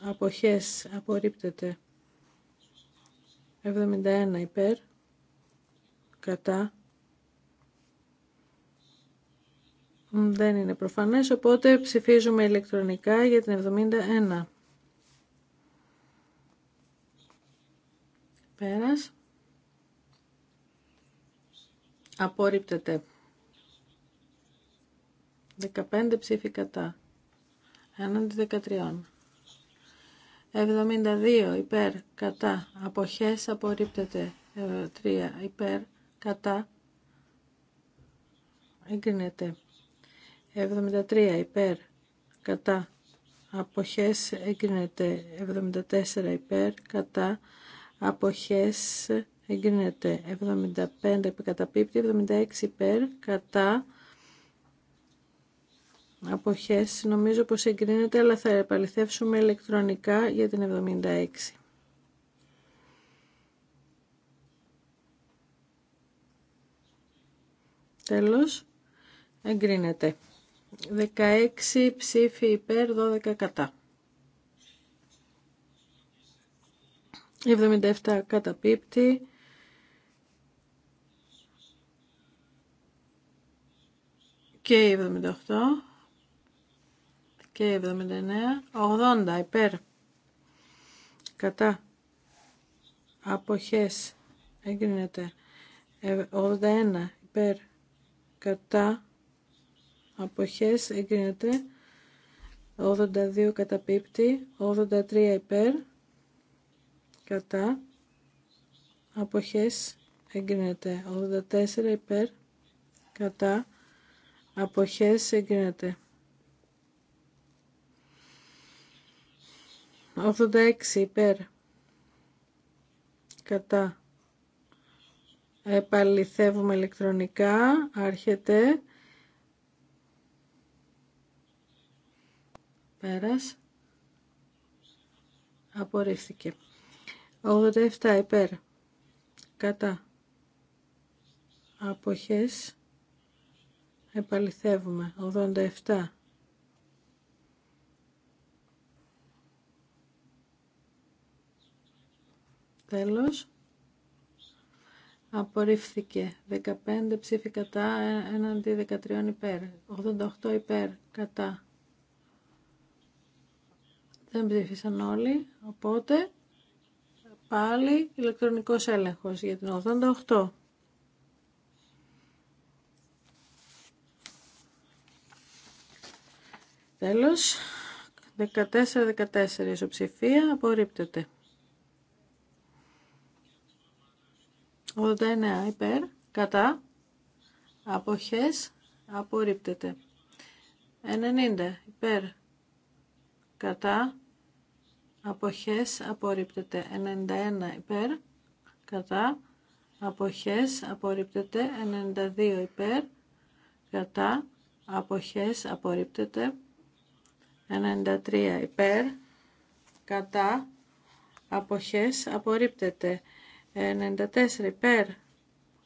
αποχές απορρίπτεται 71 υπέρ κατά δεν είναι προφανές οπότε ψηφίζουμε ηλεκτρονικά για την 71 πέρας απορρίπτεται 15 ψήφοι κατά. Έναντι 13. 72 υπέρ κατά. Αποχές απορρίπτεται. 3 ε, υπέρ κατά. Εγκρίνεται. 73 υπέρ κατά. Αποχές εγκρίνεται. 74 υπέρ κατά. Αποχές εγκρίνεται. 75 κατά πίπτη, 76 υπέρ κατά αποχές νομίζω πως εγκρίνεται αλλά θα επαληθεύσουμε ηλεκτρονικά για την 76. Τέλος, εγκρίνεται. 16 ψήφι υπέρ, 12 κατά. 77 καταπίπτει. 78 και 79, 80 υπέρ κατά αποχές εγκρίνεται 81 ε, υπέρ κατά αποχές εγκρίνεται 82 κατά πίπτη 83 υπέρ κατά αποχές εγκρίνεται 84 υπέρ κατά αποχές εγκρίνεται 86 υπέρ κατά επαληθεύουμε ηλεκτρονικά άρχεται πέρας απορρίφθηκε 87 υπέρ κατά αποχές επαληθεύουμε 87 Τέλος. Απορρίφθηκε. 15 ψήφοι κατά, έναντι 13 υπέρ. 88 υπέρ κατά. Δεν ψήφισαν όλοι, οπότε πάλι ηλεκτρονικός έλεγχος για την 88. Τέλος, 14-14 ισοψηφία απορρίπτεται. 89 υπέρ, κατά, αποχές, απορρίπτεται. 90 υπέρ, κατά, αποχές, απορρίπτεται. 91 υπέρ, κατά, αποχές, απορρίπτεται. 92 υπέρ, κατά, αποχές, απορρίπτεται. 93 υπέρ, κατά, αποχές, απορρίπτεται. 94 υπέρ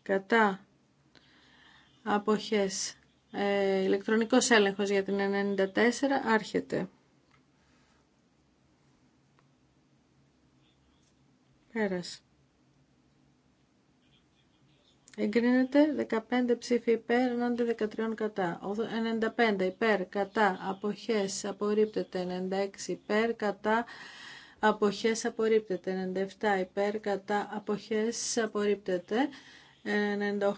κατά αποχές ε, ηλεκτρονικός έλεγχος για την 94 άρχεται. Πέρας. Εγκρίνεται 15 ψήφοι υπέρ, ενάντια 13 κατά. 95 υπέρ, κατά, αποχές, απορρίπτεται. 96 υπέρ, κατά, αποχές απορρίπτεται. 97 υπέρ κατά αποχές απορρίπτεται.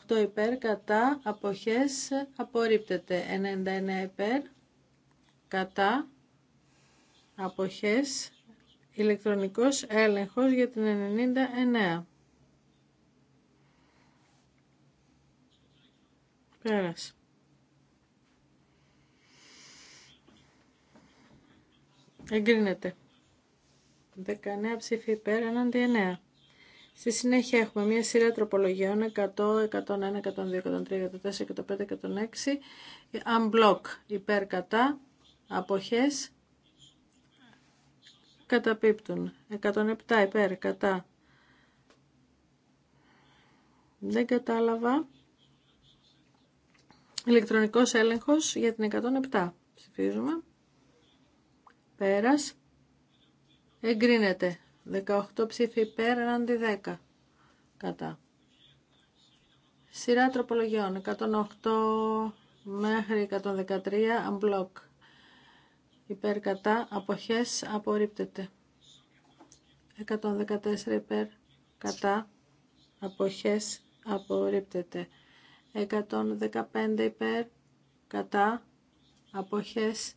98 υπέρ κατά αποχές απορρίπτεται. 99 υπέρ κατά αποχές ηλεκτρονικός έλεγχος για την 99. Πέρασε. Εγκρίνεται. 19 ψήφοι υπέρ έναντι 9. Στη συνέχεια έχουμε μια σειρά τροπολογιών 100, 101, 102, 103, 104, 105, 106. Unblock υπέρ κατά αποχές καταπίπτουν. 107 υπέρ κατά. Δεν κατάλαβα. Ηλεκτρονικός έλεγχος για την 107. Ψηφίζουμε. Πέρας. Εγκρίνεται. 18 ψήφοι υπέρ έναντι 10 κατά. Σειρά τροπολογιών 108 μέχρι 113 unblock. Υπέρ κατά αποχές απορρίπτεται. 114 υπέρ κατά αποχές απορρίπτεται. 115 υπέρ κατά αποχές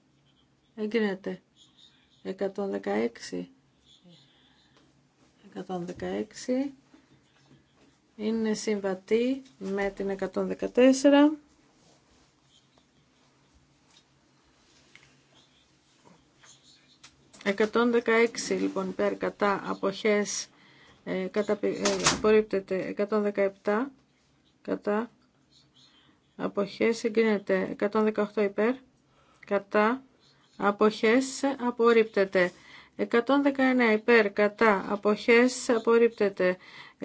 εγκρίνεται. 116 116 είναι συμβατή με την 114 116 λοιπόν υπέρ κατά αποχές ε, ε, απορρίπτεται 117 κατά αποχές εγκρίνεται 118 υπέρ κατά αποχές απορρίπτεται 119 υπέρ κατά αποχές απορρίπτεται.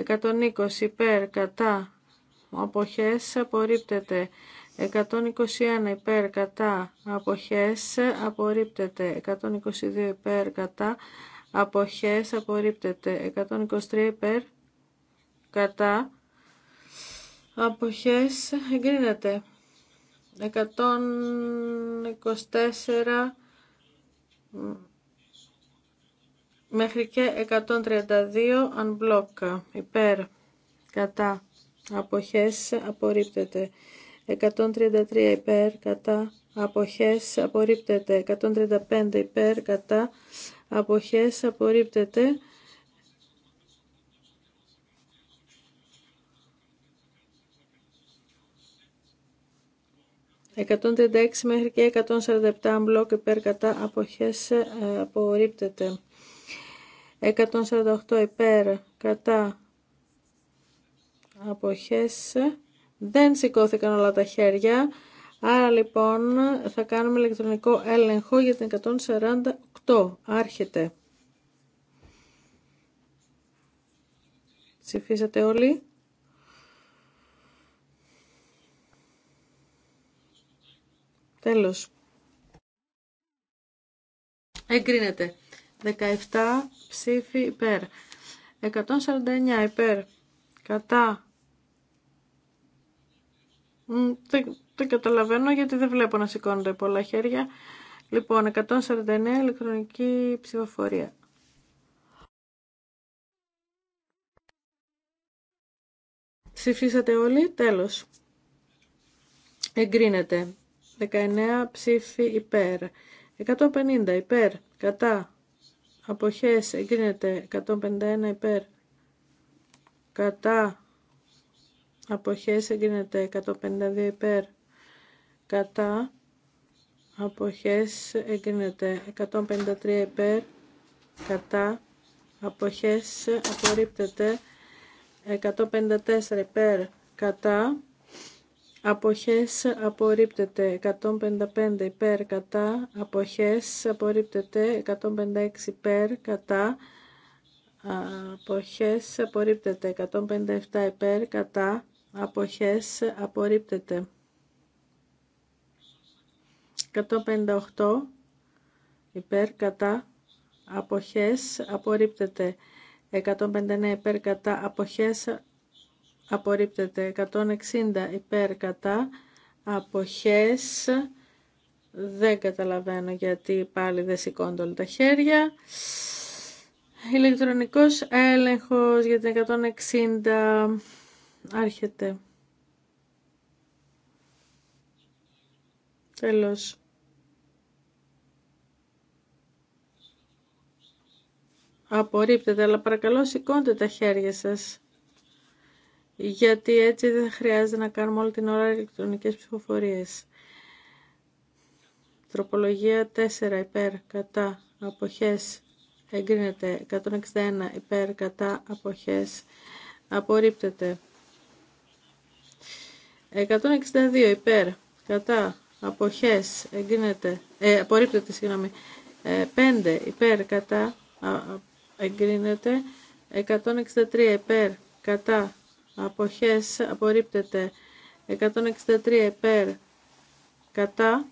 120 υπέρ κατά αποχές απορρίπτεται. 121 υπέρ κατά αποχές απορρίπτεται. 122 υπέρ κατά αποχές απορρίπτεται. 123 υπέρ κατά αποχές εγκρίνεται. 124 μέχρι και 132 unblock υπέρ κατά αποχές απορρίπτεται 133 υπέρ κατά αποχές απορρίπτεται 135 υπέρ κατά αποχές απορρίπτεται 136 μέχρι και 147 μπλοκ υπέρ κατά αποχές ε, απορρίπτεται. 148 υπέρ κατά αποχές δεν σηκώθηκαν όλα τα χέρια άρα λοιπόν θα κάνουμε ηλεκτρονικό έλεγχο για την 148 άρχεται ψηφίσατε όλοι τέλος εγκρίνεται 17 ψήφι υπέρ. 149 υπέρ. Κατά. Δεν, καταλαβαίνω γιατί δεν βλέπω να σηκώνονται πολλά χέρια. Λοιπόν, 149 ηλεκτρονική ψηφοφορία. Ψηφίσατε όλοι, τέλος. Εγκρίνεται. 19 ψήφι υπέρ. 150 υπέρ. Κατά αποχές εγκρίνεται 151 υπέρ κατά αποχές εγκρίνεται 152 υπέρ κατά αποχές εγκρίνεται 153 υπέρ κατά αποχές απορρίπτεται 154 υπέρ κατά Αποχές απορρίπτεται 155 υπέρ κατά. Αποχές απορρίπτεται 156 υπέρ κατά. Αποχές απορρίπτεται 157 υπέρ κατά. Αποχές απορρίπτεται 158 υπέρ κατά. Αποχές απορρίπτεται 159 υπέρ κατά. Αποχές απορρίπτεται 160 υπέρ κατά αποχές δεν καταλαβαίνω γιατί πάλι δεν σηκώνται όλα τα χέρια ηλεκτρονικός έλεγχος για την 160 άρχεται τέλος απορρίπτεται αλλά παρακαλώ σηκώντε τα χέρια σας γιατί έτσι δεν χρειάζεται να κάνουμε όλη την ώρα ηλεκτρονικές ψηφοφορίες. Τροπολογία 4 υπέρ κατά αποχές εγκρίνεται. 161 υπέρ κατά αποχές απορρίπτεται. 162 υπέρ κατά αποχές εγκρίνεται. Ε, απορρίπτεται, συγγνώμη. 5 ε, υπέρ κατά εγκρίνεται. 163 υπέρ κατά αποχές απορρίπτεται 163 υπέρ κατά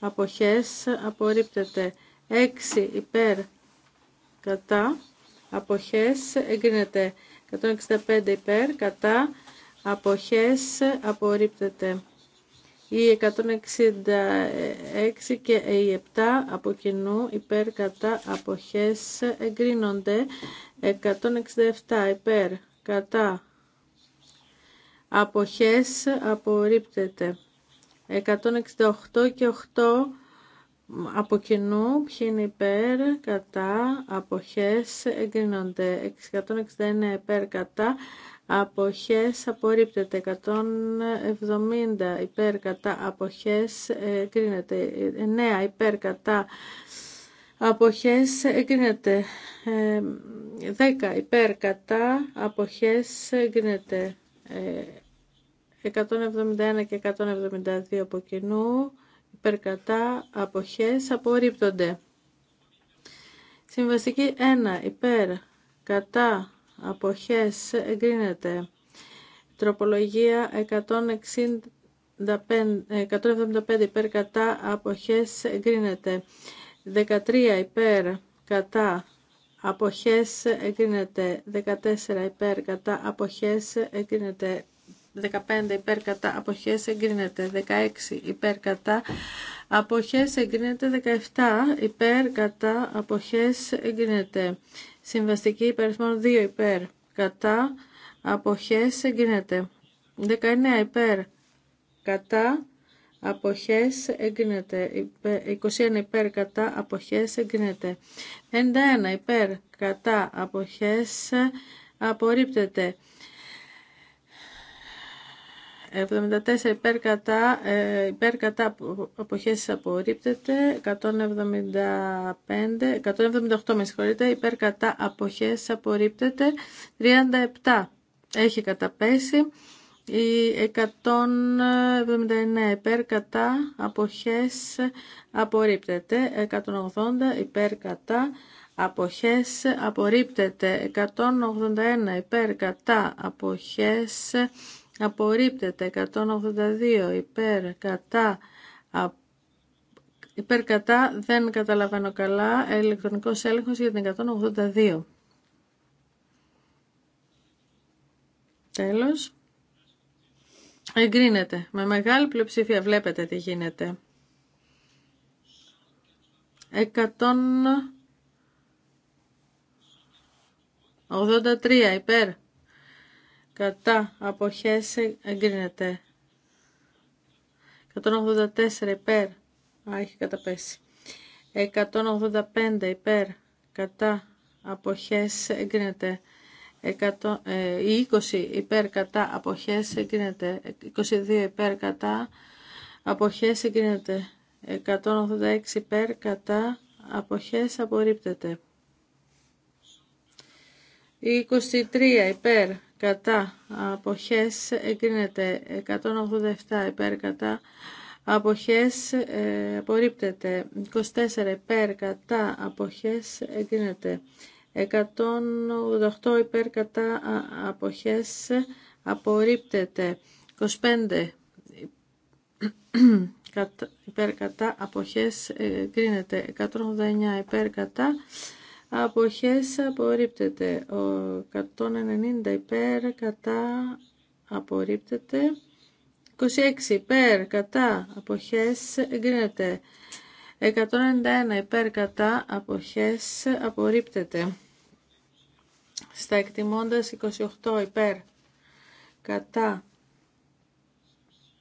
αποχές απορρίπτεται 6 υπέρ κατά αποχές εγκρίνεται 165 υπέρ κατά αποχές απορρίπτεται οι 166 και οι 7 από κοινού υπέρ κατά αποχές εγκρίνονται 167 υπέρ κατά αποχές απορρίπτεται 168 και 8 από κοινού ποιοι είναι υπέρ κατά αποχές εγκρίνονται 169 υπέρ κατά αποχές απορρίπτεται 170 υπέρ κατά αποχές εγκρίνεται 9 υπέρ κατά αποχές εγκρίνεται 10 ε, υπέρ κατά αποχές εγκρίνεται 171 ε, και 172 από κοινού, υπερκατά, αποχές, απορρίπτονται. Συμβαστική 1, υπέρ, κατά, αποχές, εγκρίνεται. Τροπολογία 165, 175 ε, υπέρ κατά αποχές εγκρίνεται. 13 υπέρ κατά αποχές εγκρίνεται 14 υπέρ κατά αποχές εγκρίνεται 15 υπέρ κατά αποχές εγκρίνεται 16 υπέρ κατά αποχές εγκρίνεται 17 υπέρ κατά αποχές εγκρίνεται συμβαστική υπέρ 2 υπέρ κατά αποχές εγκρίνεται 19 υπέρ κατά αποχές εγκρίνεται. 21 υπέρ κατά αποχές εγκρίνεται. 91 υπέρ κατά αποχές απορρίπτεται. 74 υπέρ κατά, ε, υπέρ αποχές απορρίπτεται, 175, 178 με συγχωρείτε, υπέρ κατά αποχές απορρίπτεται, 37 έχει καταπέσει, η 179 υπέρ κατά αποχές απορρίπτεται. 180 υπέρ κατά αποχές απορρίπτεται. 181 υπέρ κατά αποχές απορρίπτεται. 182 υπέρ κατά δεν καταλαβαίνω καλά. Ηλεκτρονικός έλεγχος για την 182. Τέλος. Εγκρίνεται. Με μεγάλη πλειοψηφία βλέπετε τι γίνεται. 183 υπέρ. Κατά αποχές εγκρίνεται. 184 υπέρ. Α, έχει καταπέσει. 185 υπέρ. Κατά αποχές εγκρίνεται. 20 ε, υπέρ κατά αποχές εγκρίνεται. 22 υπέρ κατά αποχές εγκρίνεται. 186 υπέρ κατά αποχές απορρίπτεται. 23 υπέρ κατά αποχές εγκρίνεται. 187 υπέρ κατά αποχές ε, απορρίπτεται. 24 υπέρ κατά αποχές εγκρίνεται. 188 υπέρ κατά αποχές απορρίπτεται. 25 υπέρ κατά αποχές κρίνεται. 189 υπέρ κατά αποχές απορρίπτεται. 190 υπέρ κατά απορρίπτεται. 26 υπέρ κατά αποχές εγκρίνεται. 191 υπέρ κατά αποχές απορρίπτεται στα εκτιμώντας 28 υπέρ κατά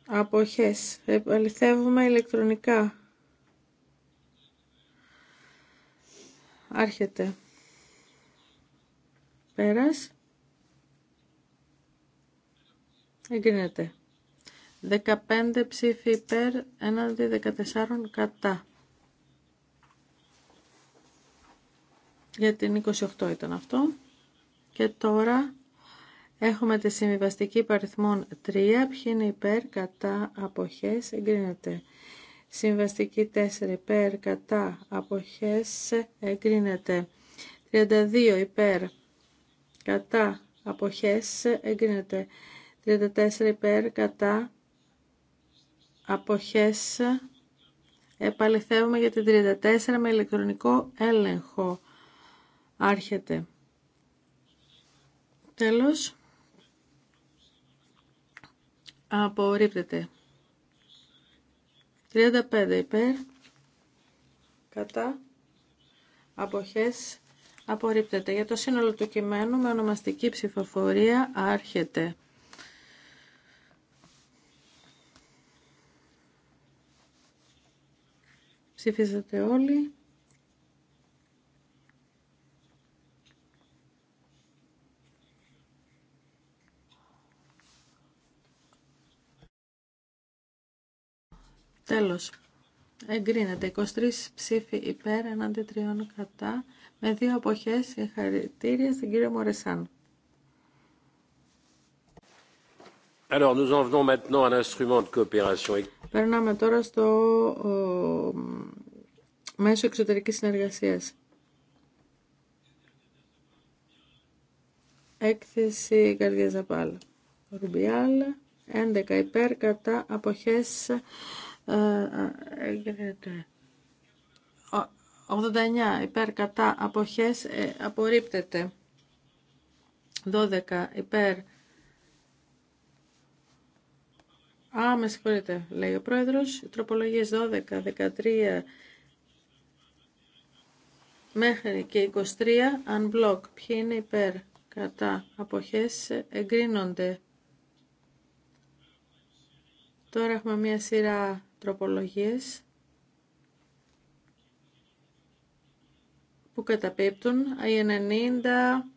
αποχές επαληθεύουμε ηλεκτρονικά άρχεται πέρας εγκρίνεται 15 ψήφοι υπέρ έναντι 14 κατά για την 28 ήταν αυτό και τώρα έχουμε τη συμβιβαστική παριθμών 3. Ποιοι είναι υπέρ, κατά, αποχές, εγκρίνεται. Συμβαστική 4 υπέρ, κατά, αποχές, εγκρίνεται. 32 υπέρ, κατά, αποχές, εγκρίνεται. 34 υπέρ, κατά, αποχές, επαληθεύουμε για την 34 με ηλεκτρονικό έλεγχο. Άρχεται. Τέλος. Απορρίπτεται. 35 υπέρ. Κατά. Αποχές. Απορρίπτεται. Για το σύνολο του κειμένου με ονομαστική ψηφοφορία άρχεται. Ψηφίσατε όλοι. Τέλος. Εγκρίνεται 23 ψήφοι υπέρ εναντί 3 κατά με δύο αποχές συγχαρητήρια στην κύριο Μορεσάν. Alors, nous en venons maintenant à l'instrument de coopération. Περνάμε τώρα στο μέσο εξωτερικής συνεργασίας. Έκθεση Καρδιά Ζαπάλ, Ρουμπιάλ, 11 υπέρ κατά αποχές 89 ε, ε, υπέρ κατά αποχές ε, απορρίπτεται. 12 υπέρ. Α, με συγχωρείτε, λέει ο πρόεδρος. Τροπολογίες 12, 13 μέχρι και 23 unblock. Ποιοι είναι υπέρ κατά αποχές εγκρίνονται. Τώρα έχουμε μία σειρά τροπολογίες που καταπίπτουν οι 90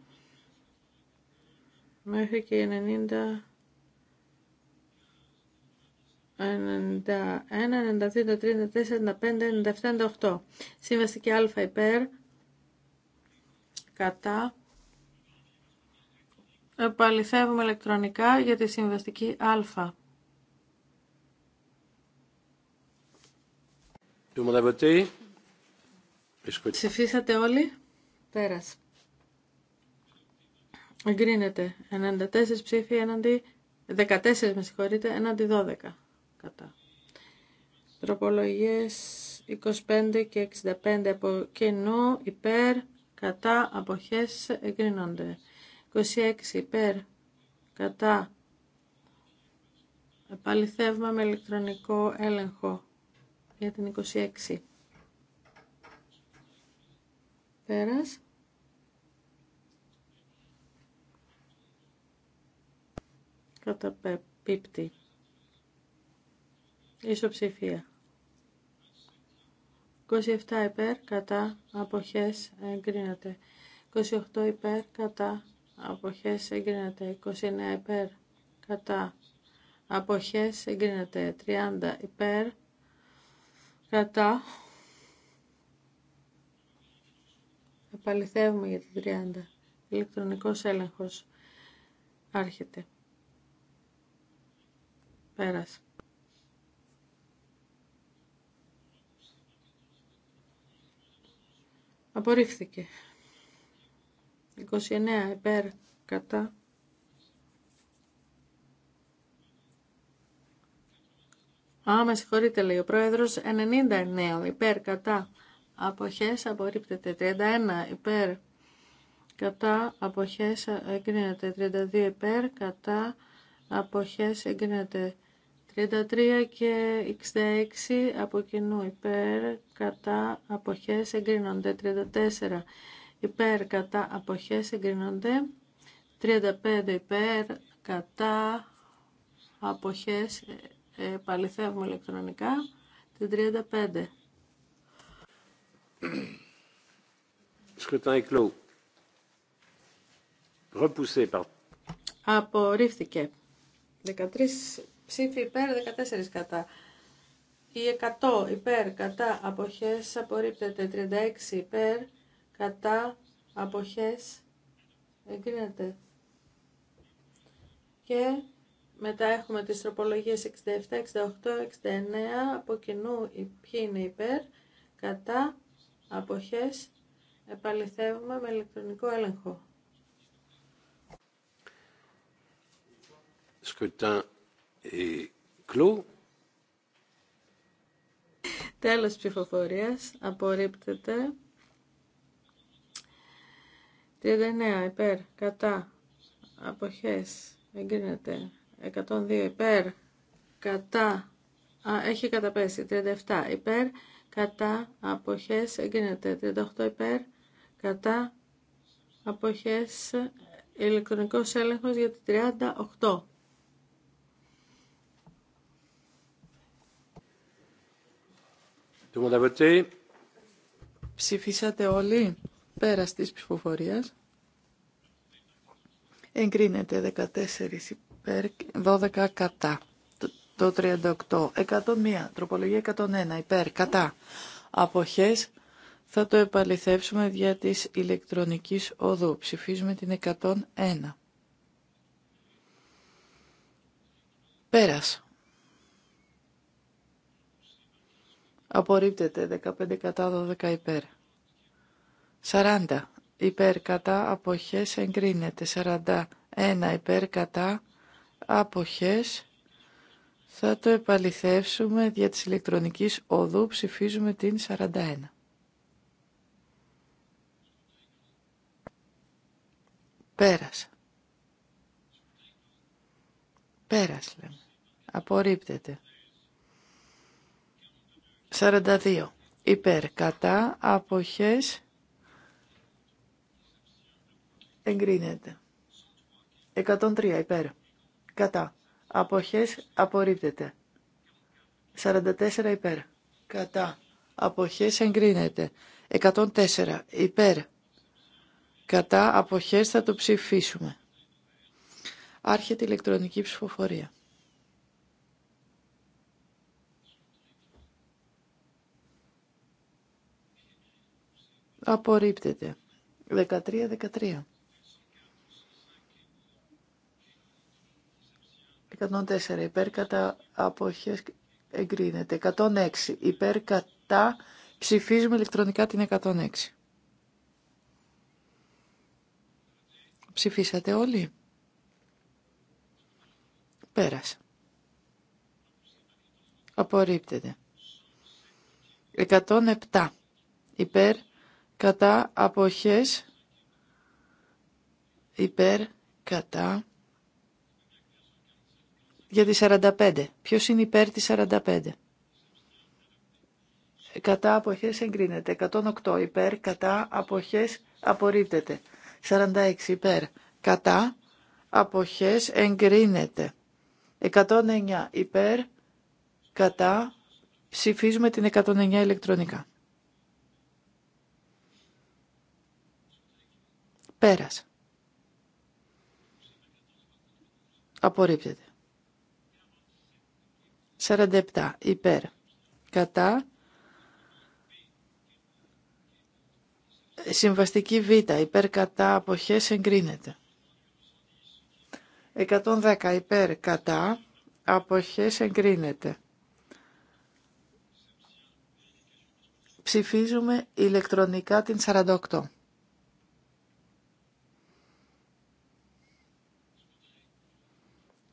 μέχρι και 90 91, 92, 33, 95, 97, 98. Σύμβαστική α υπέρ, κατά. Επαληθεύουμε ηλεκτρονικά για τη συμβαστική α. Ψηφίσατε όλοι. Πέρας. Εγκρίνεται. 94 ψήφοι έναντι... 14 με συγχωρείτε, έναντι 12 κατά. Τροπολογίες 25 και 65 από κενό, υπέρ κατά αποχές εγκρίνονται. 26 υπέρ κατά επαληθεύμα με ηλεκτρονικό έλεγχο για την 26. Πέρας. Καταπίπτει. Ισοψηφία. 27 υπέρ κατά αποχές εγκρίνεται. 28 υπέρ κατά αποχές εγκρίνεται. 29 υπέρ κατά αποχές εγκρίνεται. 30 υπέρ Κατά. Επαληθεύουμε για την 30. Ηλεκτρονικός έλεγχος. Άρχεται. Πέρασε. Απορρίφθηκε. 29 υπέρ κατά Α, με συγχωρείτε, λέει ο πρόεδρο 99 υπέρ κατά αποχές απορρίπτεται, 31 υπέρ κατά απόχέ εγκρίνεται, 32 υπέρ κατά Αποχέ εγκρίνεται, 33 και 66 από κοινού υπέρ κατά αποχές εγκρίνονται, 34 υπέρ κατά αποχές εγκρίνονται, 35 υπέρ κατά αποχές Παληθεύουμε ηλεκτρονικά την 35. Απορρίφθηκε. 13 ψήφοι υπέρ, 14 κατά. Η 100 υπέρ, κατά, αποχές, απορρίπτεται. 36 υπέρ, κατά, αποχές, εγκρίνεται. Και μετά έχουμε τις τροπολογίες 67, 68, 69, από κοινού ποιοι είναι υπέρ, κατά, αποχές, επαληθεύουμε με ηλεκτρονικό έλεγχο. Σκουτάν et ε, κλού. Τέλος ψηφοφορίας, απορρίπτεται. 39 υπέρ, κατά, αποχές, εγκρίνεται. 102 υπέρ κατά α, έχει καταπέσει 37 υπέρ κατά αποχές εγκρίνεται 38 υπέρ κατά αποχές ηλεκτρονικός έλεγχος για τη 38 Ψηφίσατε όλοι πέρα τη ψηφοφορία. Εγκρίνεται 14 υπέρ. 12 κατά. Το 38. 101. Τροπολογία 101. Υπέρ. Κατά. Αποχές. Θα το επαληθεύσουμε δια της ηλεκτρονικής οδού. Ψηφίζουμε την 101. Πέρας. Απορρίπτεται 15 κατά 12 υπέρ. 40. Υπέρ κατά αποχές εγκρίνεται. 41 υπέρ κατά αποχές θα το επαληθεύσουμε δια της ηλεκτρονικής οδού ψηφίζουμε την 41. Πέρασα. Πέρασε, λέμε. Απορρίπτεται. 42. Υπέρ κατά αποχές εγκρίνεται. 103 υπέρ κατά, αποχές απορρίπτεται. 44 υπέρ, κατά, αποχές εγκρίνεται. 104 υπέρ, κατά, αποχές θα το ψηφίσουμε. Άρχεται ηλεκτρονική ψηφοφορία. Απορρίπτεται. 13-13. 104 υπέρ κατά αποχές εγκρίνεται. 106 υπέρ κατά ψηφίζουμε ηλεκτρονικά την 106. Ψηφίσατε όλοι. Πέρασε. Απορρίπτεται. 107 υπέρ κατά αποχές υπέρ κατά για τη 45. Ποιος είναι υπέρ της 45. Κατά αποχές εγκρίνεται. 108 υπέρ. Κατά αποχές απορρίπτεται. 46 υπέρ. Κατά αποχές εγκρίνεται. 109 υπέρ. Κατά ψηφίζουμε την 109 ηλεκτρονικά. Πέρας. Απορρίπτεται. 47 υπέρ κατά συμβαστική β υπέρ κατά αποχές εγκρίνεται 110 υπέρ κατά αποχές εγκρίνεται ψηφίζουμε ηλεκτρονικά την 48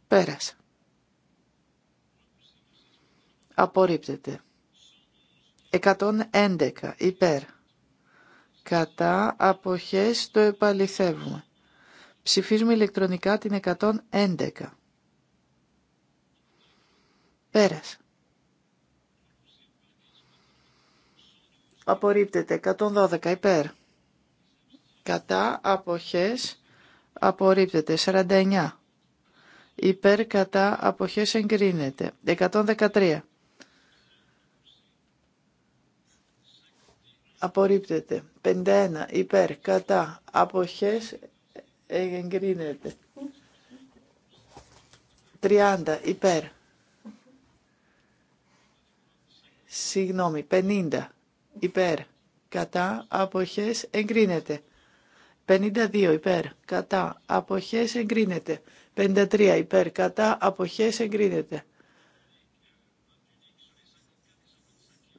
πέρασε απορρίπτεται. 111 υπέρ. Κατά αποχές το επαληθεύουμε. Ψηφίζουμε ηλεκτρονικά την 111. Πέρασε. Απορρίπτεται. 112 υπέρ. Κατά αποχές απορρίπτεται. 49. Υπέρ κατά αποχές εγκρίνεται. 113. απορρίπτεται. 51 ε, υπέρ κατά αποχές εγκρίνεται. 30 υπέρ. Συγγνώμη, 50 υπέρ κατά αποχές εγκρίνεται. 52 υπέρ κατά αποχές εγκρίνεται. 53 υπέρ κατά αποχές εγκρίνεται.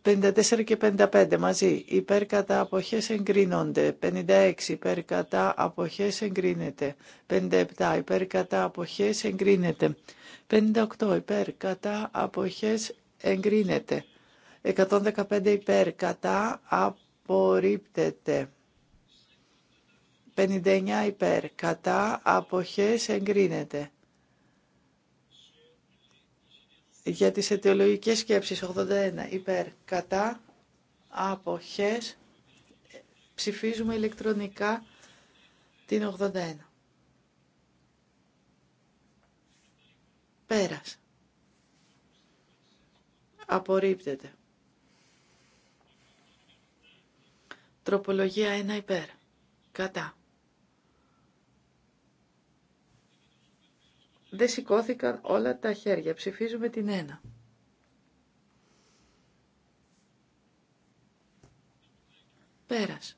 54 και 55 μαζί. Υπέρ κατά αποχές εγκρίνονται. 56 υπέρ κατά αποχές εγκρίνεται. 57 υπέρ κατά αποχές εγκρίνεται. 58 υπέρ κατά αποχές εγκρίνεται. 115 υπέρ κατά απορρίπτεται. 59 υπέρ κατά αποχές εγκρίνεται. Για τις αιτιολογικές σκέψεις 81 υπέρ κατά αποχές ψηφίζουμε ηλεκτρονικά την 81. Πέρας. Απορρίπτεται. Τροπολογία 1 υπέρ. Κατά. Δεν σηκώθηκαν όλα τα χέρια. Ψηφίζουμε την 1. Πέρας.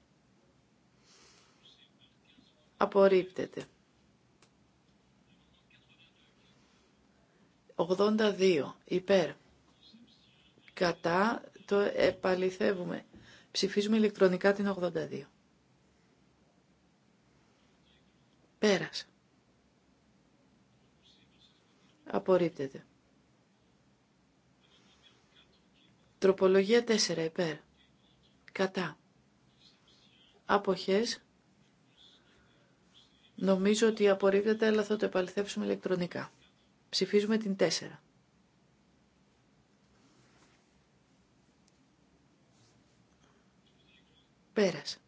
Απορρίπτεται. 82. Υπέρ. Κατά το επαληθεύουμε. Ψηφίζουμε ηλεκτρονικά την 82. Πέρασε. Απορρίπτεται. Τροπολογία 4 υπέρ. Κατά. Αποχές. Νομίζω ότι απορρίπτεται, αλλά θα το επαληθεύσουμε ηλεκτρονικά. Ψηφίζουμε την 4. Πέρας.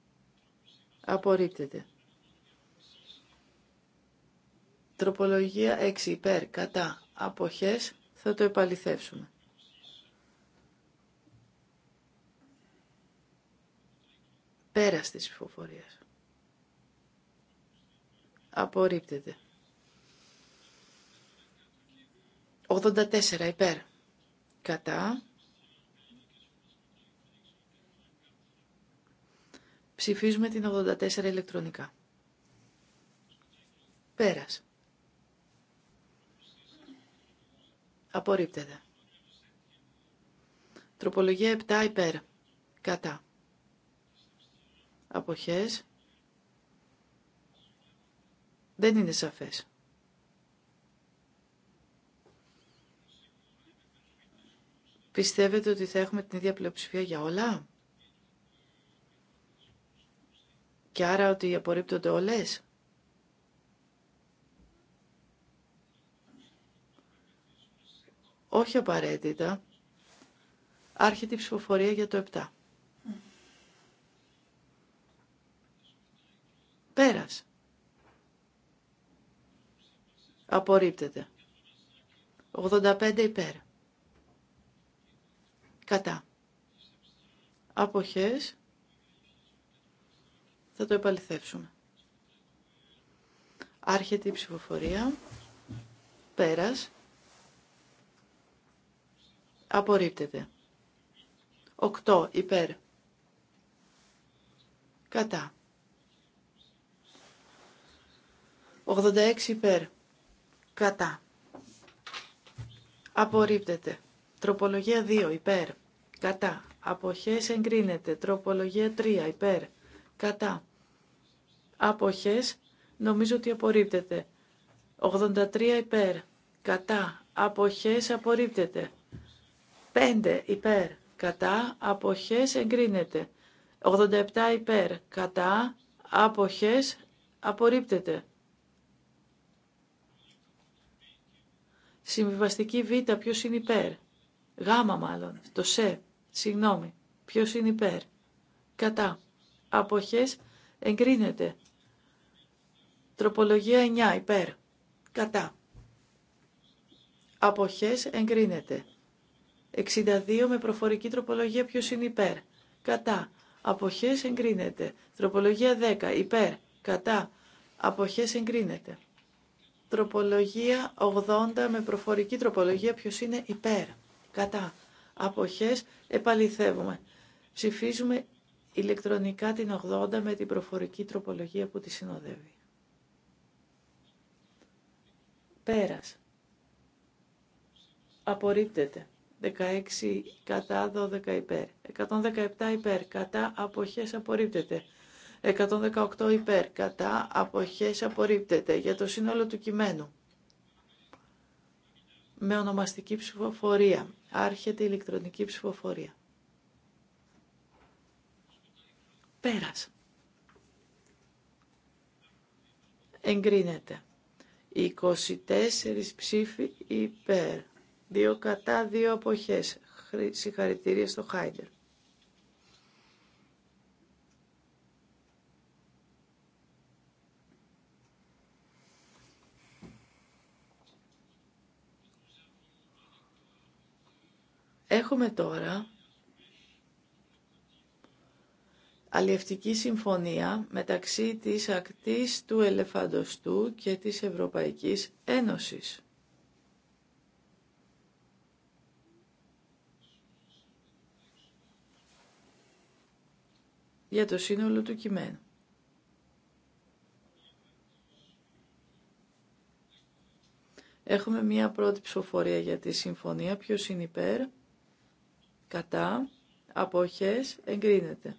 Απορρίπτεται. Τροπολογία 6 υπέρ κατά αποχές θα το επαληθεύσουμε. Πέρας της ψηφοφορίας. Απορρίπτεται. 84 υπέρ. Κατά. Ψηφίζουμε την 84 ηλεκτρονικά. Πέρας. Απορρίπτεται. Τροπολογία 7 υπέρ. Κατά. Αποχές. Δεν είναι σαφές. Πιστεύετε ότι θα έχουμε την ίδια πλειοψηφία για όλα? Και άρα ότι απορρίπτονται όλες? Όχι απαραίτητα. Άρχεται η ψηφοφορία για το 7. Πέρας. Απορρίπτεται. 85 υπέρ. Κατά. Αποχές. Θα το επαληθεύσουμε. Άρχεται η ψηφοφορία. Πέρας. Απορρίπτεται. 8 υπέρ. Κατά. 86 υπέρ. Κατά. Απορρίπτεται. Τροπολογία 2 υπέρ. Κατά. Αποχές εγκρίνεται. Τροπολογία 3 υπέρ. Κατά. Αποχές νομίζω ότι απορρίπτεται. 83 υπέρ. Κατά. Αποχές απορρίπτεται. 5 υπέρ κατά αποχές εγκρίνεται. 87 υπέρ κατά αποχές απορρίπτεται. Συμβιβαστική β, ποιο είναι υπέρ. Γάμα μάλλον, το σε, συγγνώμη, Ποιο είναι υπέρ. Κατά. Αποχές εγκρίνεται. Τροπολογία 9 υπέρ. Κατά. Αποχές εγκρίνεται. 62 με προφορική τροπολογία ποιος είναι υπέρ. Κατά. Αποχές εγκρίνεται. Τροπολογία 10. Υπέρ. Κατά. Αποχές εγκρίνεται. Τροπολογία 80 με προφορική τροπολογία ποιος είναι υπέρ. Κατά. Αποχές επαληθεύουμε. Ψηφίζουμε ηλεκτρονικά την 80 με την προφορική τροπολογία που τη συνοδεύει. Πέρας. Απορρίπτεται. 16 κατά 12 υπέρ. 117 υπέρ κατά αποχές απορρίπτεται. 118 υπέρ κατά αποχές απορρίπτεται για το σύνολο του κειμένου. Με ονομαστική ψηφοφορία. Άρχεται η ηλεκτρονική ψηφοφορία. Πέρας. Εγκρίνεται. 24 ψήφοι υπέρ. Δύο κατά, δύο αποχές. Συγχαρητήρια στο Χάιντερ. Έχουμε τώρα αλλιευτική συμφωνία μεταξύ της ακτής του Ελεφαντοστού και της Ευρωπαϊκής Ένωσης. για το σύνολο του κειμένου. Έχουμε μία πρώτη ψηφοφορία για τη συμφωνία. Ποιο είναι υπέρ, κατά, αποχές, εγκρίνεται.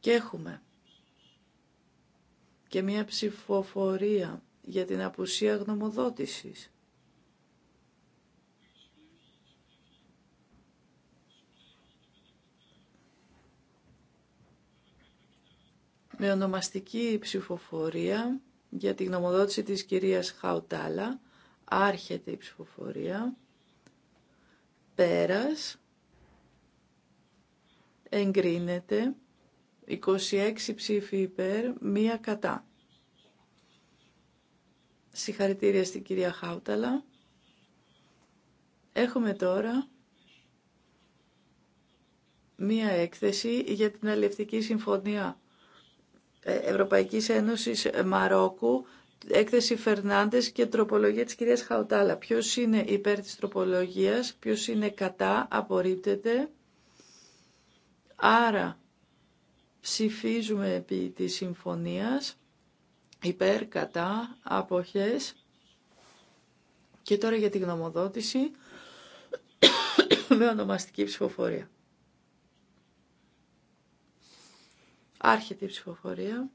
Και έχουμε και μία ψηφοφορία για την απουσία γνωμοδότησης. με ονομαστική ψηφοφορία για τη γνωμοδότηση της κυρίας Χαουτάλα. Άρχεται η ψηφοφορία. Πέρας. Εγκρίνεται. 26 ψήφοι υπέρ, μία κατά. Συγχαρητήρια στην κυρία Χάουταλα. Έχουμε τώρα μία έκθεση για την αλληλευτική συμφωνία ε, Ευρωπαϊκής Ένωσης ε, Μαρόκου, έκθεση Φερνάντες και τροπολογία της κυρίας Χαουτάλα. Ποιος είναι υπέρ της τροπολογίας, ποιος είναι κατά, απορρίπτεται. Άρα ψηφίζουμε επί της συμφωνίας, υπέρ, κατά, αποχές. Και τώρα για τη γνωμοδότηση με ονομαστική ψηφοφορία. Άρχεται η ψηφοφορία.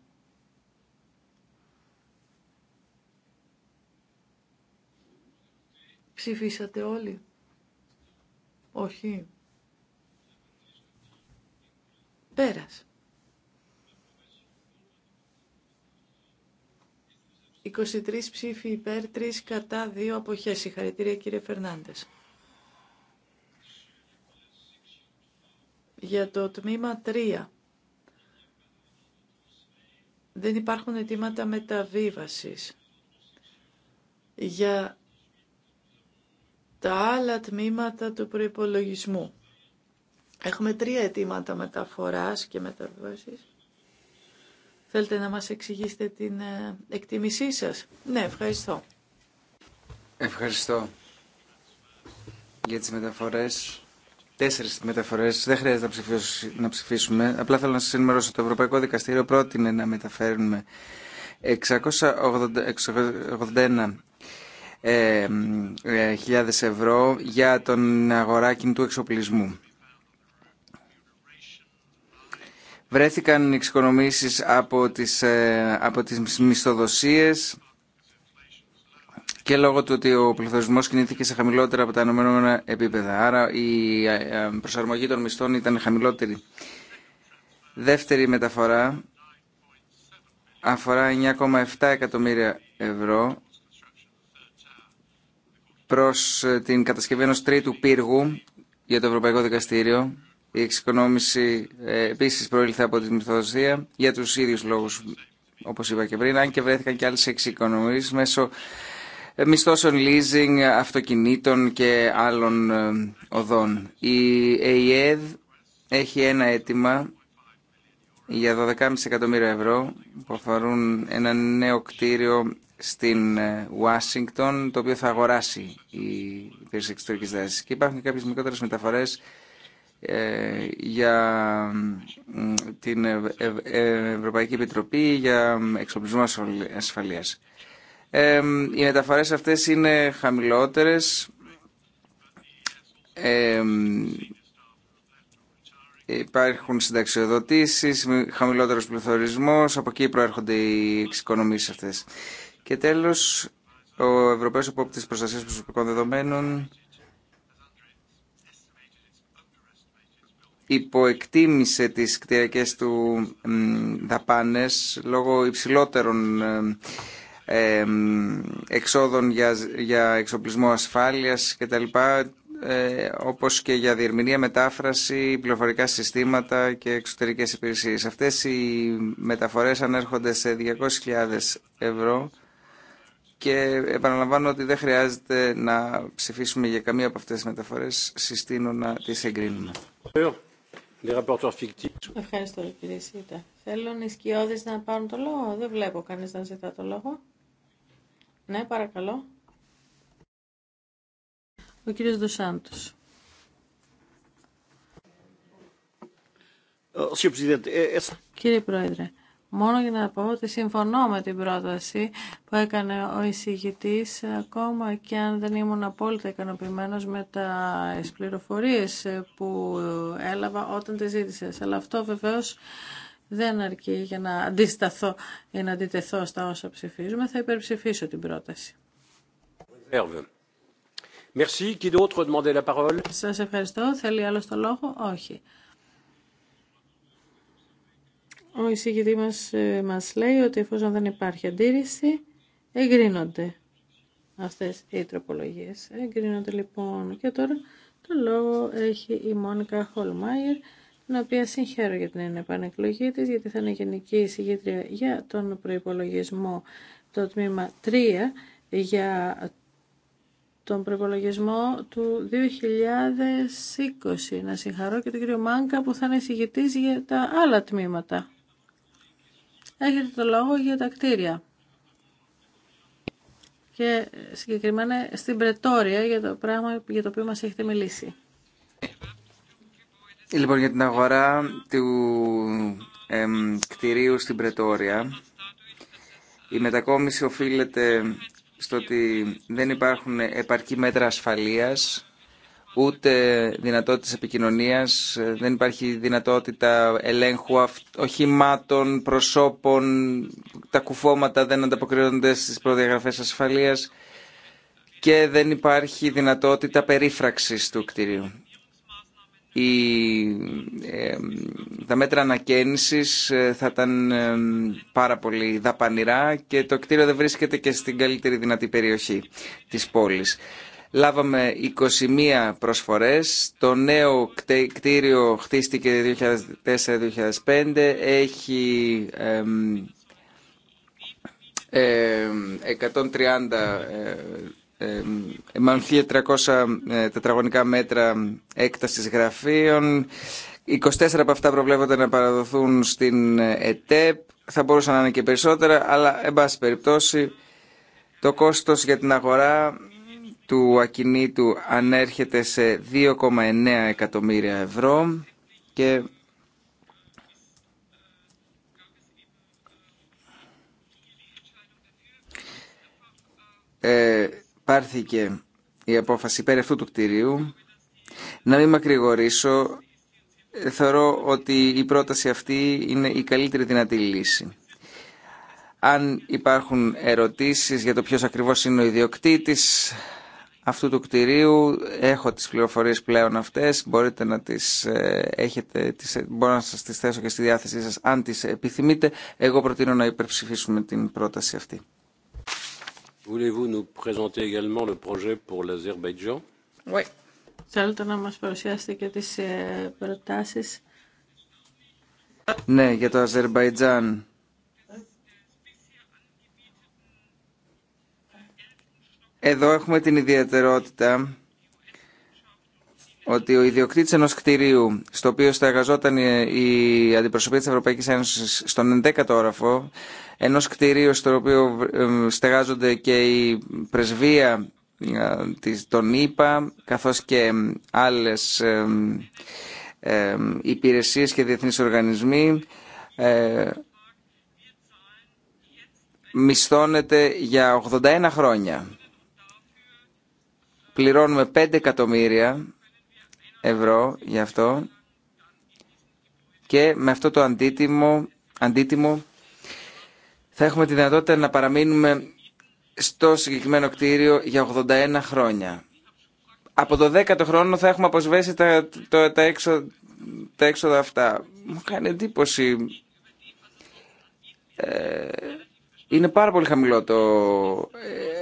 Ψηφίσατε όλοι. Όχι. Πέρας. 23 ψήφοι υπέρ, 3 κατά, 2 αποχές. Συγχαρητήρια κύριε Φερνάντες. Για το τμήμα 3 δεν υπάρχουν αιτήματα μεταβίβασης. Για τα άλλα τμήματα του προϋπολογισμού. Έχουμε τρία αιτήματα μεταφοράς και μεταβίβασης. Θέλετε να μας εξηγήσετε την ε, εκτίμησή σας. Ναι, ευχαριστώ. Ευχαριστώ για τις μεταφορές. Τέσσερι μεταφορέ. Δεν χρειάζεται να ψηφίσουμε. Απλά θέλω να σα ενημερώσω. Το Ευρωπαϊκό Δικαστήριο πρότεινε να μεταφέρουμε 681.000 ε, ε, ευρώ για τον αγορά του εξοπλισμού. Βρέθηκαν εξοικονομήσεις από τις, ε, από τις μισθοδοσίες και λόγω του ότι ο πληθωρισμό κινήθηκε σε χαμηλότερα από τα αναμενόμενα επίπεδα. Άρα η ε, ε, προσαρμογή των μισθών ήταν χαμηλότερη. Δεύτερη μεταφορά αφορά 9,7 εκατομμύρια ευρώ προς ε, την κατασκευή ενός τρίτου πύργου για το Ευρωπαϊκό Δικαστήριο. Η εξοικονόμηση επίσης προήλθε από την μυθοδοσία για τους ίδιους λόγους όπως είπα και πριν, αν και βρέθηκαν και άλλες εξοικονομίες μέσω μισθώσεων leasing, αυτοκινήτων και άλλων ε, οδών. Η ΕΙΕΔ έχει ένα αίτημα για 12,5 εκατομμύρια ευρώ που αφορούν ένα νέο κτίριο στην ε, Ουάσιγκτον το οποίο θα αγοράσει η υπηρεσία εξωτερικής δράσης. Και υπάρχουν κάποιες μικρότερες μεταφορές ε, για την Ευρωπαϊκή Επιτροπή για εξοπλισμό ασφαλείας οι μεταφορές αυτές είναι χαμηλότερες. Υπάρχουν συνταξιοδοτήσεις, χαμηλότερος πληθωρισμός, από εκεί προέρχονται οι εξοικονομήσεις αυτές. Και τέλος, ο Ευρωπαίος Επόπτης Προστασίας Προσωπικών Δεδομένων υποεκτίμησε τις κτηριακές του δαπάνες λόγω υψηλότερων εξόδων για, για εξοπλισμό ασφάλειας κτλ ε, όπως και για διερμηνία, μετάφραση, πληροφορικά συστήματα και εξωτερικές υπηρεσίες. Αυτές οι μεταφορές ανέρχονται σε 200.000 ευρώ και επαναλαμβάνω ότι δεν χρειάζεται να ψηφίσουμε για καμία από αυτές τις μεταφορές. Συστήνω να τις εγκρίνουμε. Ευχαριστώ κύριε Σίτα. Θέλουν οι σκιώδεις να πάρουν το λόγο. Δεν βλέπω κανείς να ζητά το λόγο. Ναι, παρακαλώ. Ο κύριος Δοσάντος. Ε, ε, ε, Κύριε Πρόεδρε, μόνο για να πω ότι συμφωνώ με την πρόταση που έκανε ο εισηγητής, ακόμα και αν δεν ήμουν απόλυτα ικανοποιημένο με τα πληροφορίε που έλαβα όταν τις ζήτησες. Αλλά αυτό βεβαίως δεν αρκεί για να αντισταθώ ή να αντιτεθώ στα όσα ψηφίζουμε. Θα υπερψηφίσω την πρόταση. Merci. Σας ευχαριστώ. Θέλει άλλο το λόγο? Όχι. Ο εισηγητή μας ε, μας λέει ότι εφόσον δεν υπάρχει αντίρρηση, εγκρίνονται αυτές οι τροπολογίες. Εγκρίνονται λοιπόν και τώρα το λόγο έχει η Μόνικα Χολμάιερ την οποία συγχαίρω για την επανεκλογή της, γιατί θα είναι γενική εισηγήτρια για τον προϋπολογισμό το τμήμα 3 για τον προπολογισμό του 2020. Να συγχαρώ και τον κύριο Μάνκα που θα είναι εισηγητής για τα άλλα τμήματα. Έχετε το λόγο για τα κτίρια. Και συγκεκριμένα στην Πρετόρια για το πράγμα για το οποίο μας έχετε μιλήσει. Λοιπόν, για την αγορά του κτηρίου στην Πρετόρια, η μετακόμιση οφείλεται στο ότι δεν υπάρχουν επαρκή μέτρα ασφαλείας, ούτε δυνατότητες επικοινωνίας, δεν υπάρχει δυνατότητα ελέγχου οχημάτων, προσώπων, τα κουφώματα δεν ανταποκρίνονται στις προδιαγραφές ασφαλείας και δεν υπάρχει δυνατότητα περίφραξης του κτηρίου. Ε, τα μέτρα ανακαίνησης ε, θα ήταν ε, πάρα πολύ δαπανηρά και το κτίριο δεν βρίσκεται και στην καλύτερη δυνατή περιοχή της πόλης. Λάβαμε 21 προσφορές. Το νέο κτίριο χτίστηκε 2004-2005. Έχει 130 ε, μάλλον 300 ε, τετραγωνικά μέτρα έκτασης γραφείων. 24 από αυτά προβλέπονται να παραδοθούν στην ε, ΕΤΕΠ. Θα μπορούσαν να είναι και περισσότερα, αλλά εν πάση περιπτώσει το κόστος για την αγορά του ακινήτου ανέρχεται σε 2,9 εκατομμύρια ευρώ και πάρθηκε η απόφαση πέρα αυτού του κτηρίου. Να μην μακρηγορήσω, θεωρώ ότι η πρόταση αυτή είναι η καλύτερη δυνατή λύση. Αν υπάρχουν ερωτήσεις για το ποιος ακριβώς είναι ο ιδιοκτήτης αυτού του κτηρίου, έχω τις πληροφορίες πλέον αυτές, μπορείτε να τις ε, έχετε, τις, ε, μπορώ να σας τις θέσω και στη διάθεσή σας αν τις επιθυμείτε. Εγώ προτείνω να υπερψηφίσουμε την πρόταση αυτή. Voulez-vous nous présenter également le projet pour l'Azerbaïdjan? Oui. Θέλετε να μας παρουσιάσετε και τις ε, προτάσεις. Ναι, για το Αζερβαϊτζάν. Εδώ έχουμε την ιδιαιτερότητα ότι ο ιδιοκτήτη ενό κτηρίου στο οποίο στεγαζόταν η αντιπροσωπεία τη Ευρωπαϊκή Ένωση στον 11ο όροφο, ενό κτηρίου στο οποίο στεγάζονται και η πρεσβεία των ΗΠΑ, καθώς και άλλες υπηρεσίες και διεθνεί οργανισμοί, ε, μισθώνεται για 81 χρόνια. Πληρώνουμε 5 εκατομμύρια ευρώ γι' αυτό και με αυτό το αντίτιμο, αντίτιμο θα έχουμε τη δυνατότητα να παραμείνουμε στο συγκεκριμένο κτίριο για 81 χρόνια. Από το 10ο χρόνο θα έχουμε αποσβέσει τα, τα, έξοδα, τα αυτά. Μου κάνει εντύπωση. Ε, είναι πάρα πολύ χαμηλό το,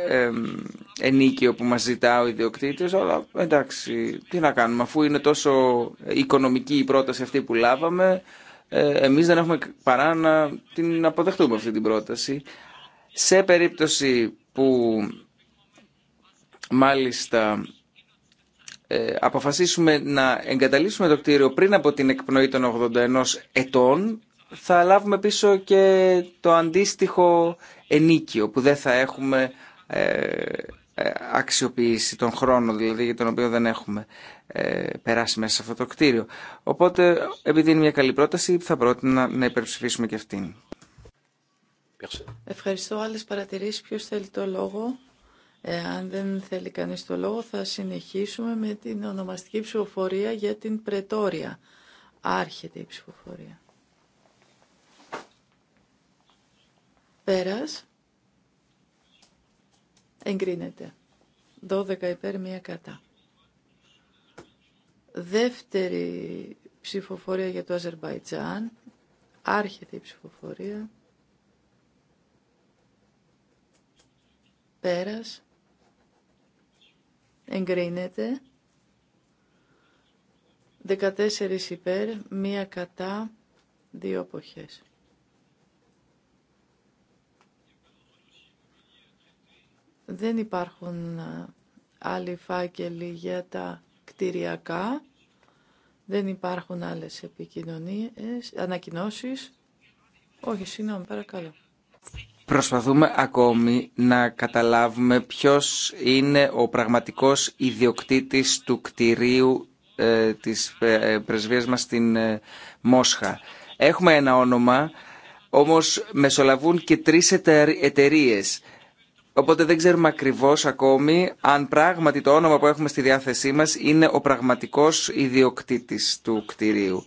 ε, ε ενίκιο που μας ζητά ο ιδιοκτήτης, αλλά εντάξει, τι να κάνουμε, αφού είναι τόσο οικονομική η πρόταση αυτή που λάβαμε, ε, εμείς δεν έχουμε παρά να την αποδεχτούμε αυτή την πρόταση. Σε περίπτωση που μάλιστα ε, αποφασίσουμε να εγκαταλείψουμε το κτίριο πριν από την εκπνοή των 81 ετών, θα λάβουμε πίσω και το αντίστοιχο ενίκιο που δεν θα έχουμε ε, ε, αξιοποίηση των χρόνο, δηλαδή για τον οποίο δεν έχουμε ε, περάσει μέσα σε αυτό το κτίριο. Οπότε επειδή είναι μια καλή πρόταση θα πρότεινα να υπερψηφίσουμε και αυτήν. Ευχαριστώ. Άλλες παρατηρήσει Ποιος θέλει το λόγο. Ε, αν δεν θέλει κανείς το λόγο θα συνεχίσουμε με την ονομαστική ψηφοφορία για την Πρετόρια. Άρχεται η ψηφοφορία. Πέρας εγκρίνεται. 12 υπέρ, 1 κατά. Δεύτερη ψηφοφορία για το Αζερβαϊτζάν. Άρχεται η ψηφοφορία. Πέρας. Εγκρίνεται. 14 υπέρ, 1 κατά, δύο αποχές. Δεν υπάρχουν ε, άλλοι φάκελοι για τα κτηριακά. Δεν υπάρχουν άλλες επικοινωνίες, ανακοινώσεις. Όχι, συγγνώμη, παρακαλώ. Προσπαθούμε ακόμη να καταλάβουμε ποιος είναι ο πραγματικός ιδιοκτήτης του κτηρίου ε, της ε, πρεσβείας μας στην ε, Μόσχα. Έχουμε ένα όνομα, όμως μεσολαβούν και τρεις εταιρείε. Οπότε δεν ξέρουμε ακριβώ ακόμη αν πράγματι το όνομα που έχουμε στη διάθεσή μας είναι ο πραγματικός ιδιοκτήτης του κτηρίου.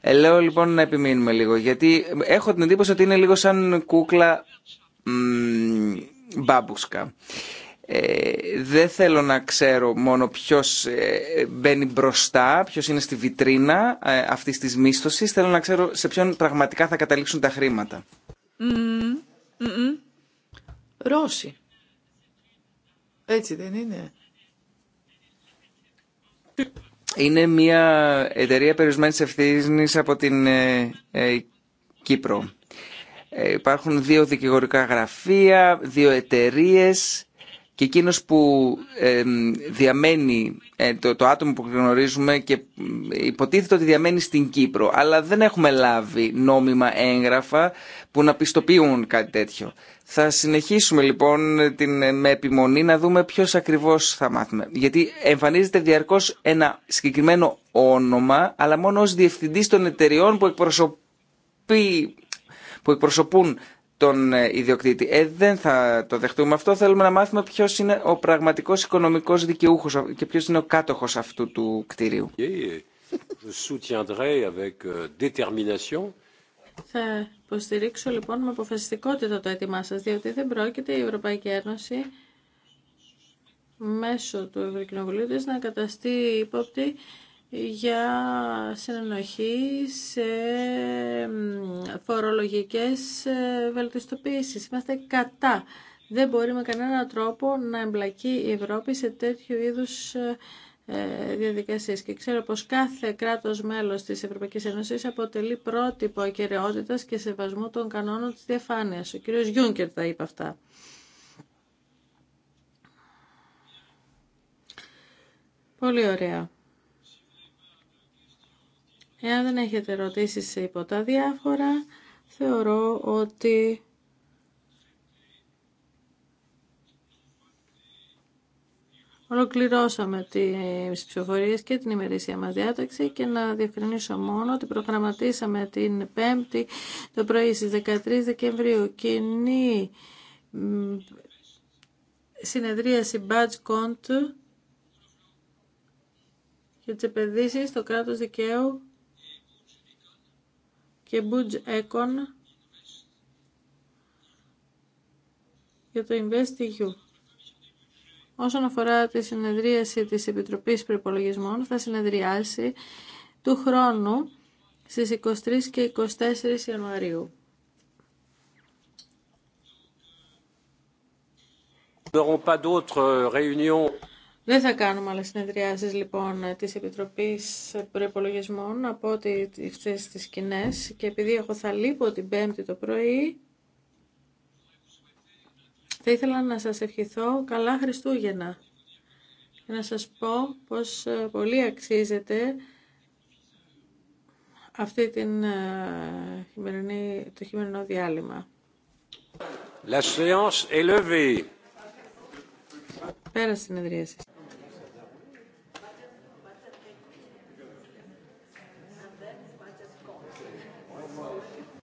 Ε, λέω λοιπόν να επιμείνουμε λίγο, γιατί έχω την εντύπωση ότι είναι λίγο σαν κούκλα μ, μπάμπουσκα. Ε, δεν θέλω να ξέρω μόνο ποιος ε, μπαίνει μπροστά, ποιος είναι στη βιτρίνα ε, αυτής της μίσθωσης. Θέλω να ξέρω σε ποιον πραγματικά θα καταλήξουν τα χρήματα. Mm, έτσι δεν είναι. Είναι μια εταιρεία περιορισμένης ευθύνης από την ε, ε, Κύπρο. Ε, υπάρχουν δύο δικηγορικά γραφεία, δύο εταιρείες και εκείνος που διαμένει, ε, το, το άτομο που γνωρίζουμε και υποτίθεται ότι διαμένει στην Κύπρο, αλλά δεν έχουμε λάβει νόμιμα έγγραφα που να πιστοποιούν κάτι τέτοιο. Θα συνεχίσουμε λοιπόν την, ε, με επιμονή να δούμε ποιο ακριβώς θα μάθουμε. Γιατί εμφανίζεται διαρκώς ένα συγκεκριμένο όνομα, αλλά μόνο ως διευθυντής των εταιριών που εκπροσωπεί που εκπροσωπούν τον ε, ιδιοκτήτη. Ε, δεν θα το δεχτούμε αυτό. Θέλουμε να μάθουμε ποιο είναι ο πραγματικό οικονομικό δικαιούχο και ποιο είναι ο κάτοχο αυτού του κτηρίου. Ε, ε, θα υποστηρίξω λοιπόν με αποφασιστικότητα το αίτημά σας, διότι δεν πρόκειται η Ευρωπαϊκή Ένωση μέσω του Ευρωκοινοβουλίου να καταστεί ύποπτη για συνενοχή σε φορολογικές ε, βελτιστοποίησεις. Είμαστε κατά. Δεν μπορεί με κανέναν τρόπο να εμπλακεί η Ευρώπη σε τέτοιου είδους ε, ε, διαδικασίες. Και ξέρω πως κάθε κράτος μέλος της Ευρωπαϊκής Ένωσης αποτελεί πρότυπο ακεραιότητας και σεβασμού των κανόνων της διαφάνειας. Ο κύριος Γιούνκερ τα είπε αυτά. Πολύ ωραία. Εάν δεν έχετε ερωτήσεις υπό τα διάφορα, θεωρώ ότι... Ολοκληρώσαμε τις ψηφοφορίες και την ημερήσια μας διάταξη και να διευκρινίσω μόνο ότι προγραμματίσαμε την 5η το πρωί στις 13 Δεκεμβρίου κοινή συνεδρίαση Badge Cont για τις επενδύσεις στο κράτος δικαίου και Μπούτζ Έκον για το InvestEU. Όσον αφορά τη συνεδρίαση της Επιτροπής Προπολογισμών, θα συνεδριάσει του χρόνου στις 23 και 24 Ιανουαρίου. Pas δεν θα κάνουμε άλλε συνεδριάσει λοιπόν τη Επιτροπής προπολογισμών από ότι αυτές τις κοινέ και επειδή έχω θα λείπω την Πέμπτη το πρωί θα ήθελα να σας ευχηθώ καλά Χριστούγεννα και να σας πω πως ε, πολύ αξίζετε αυτή την ε, χειμερινή, το χειμερινό διάλειμμα. La séance est levée. Πέρα συνεδρίαση.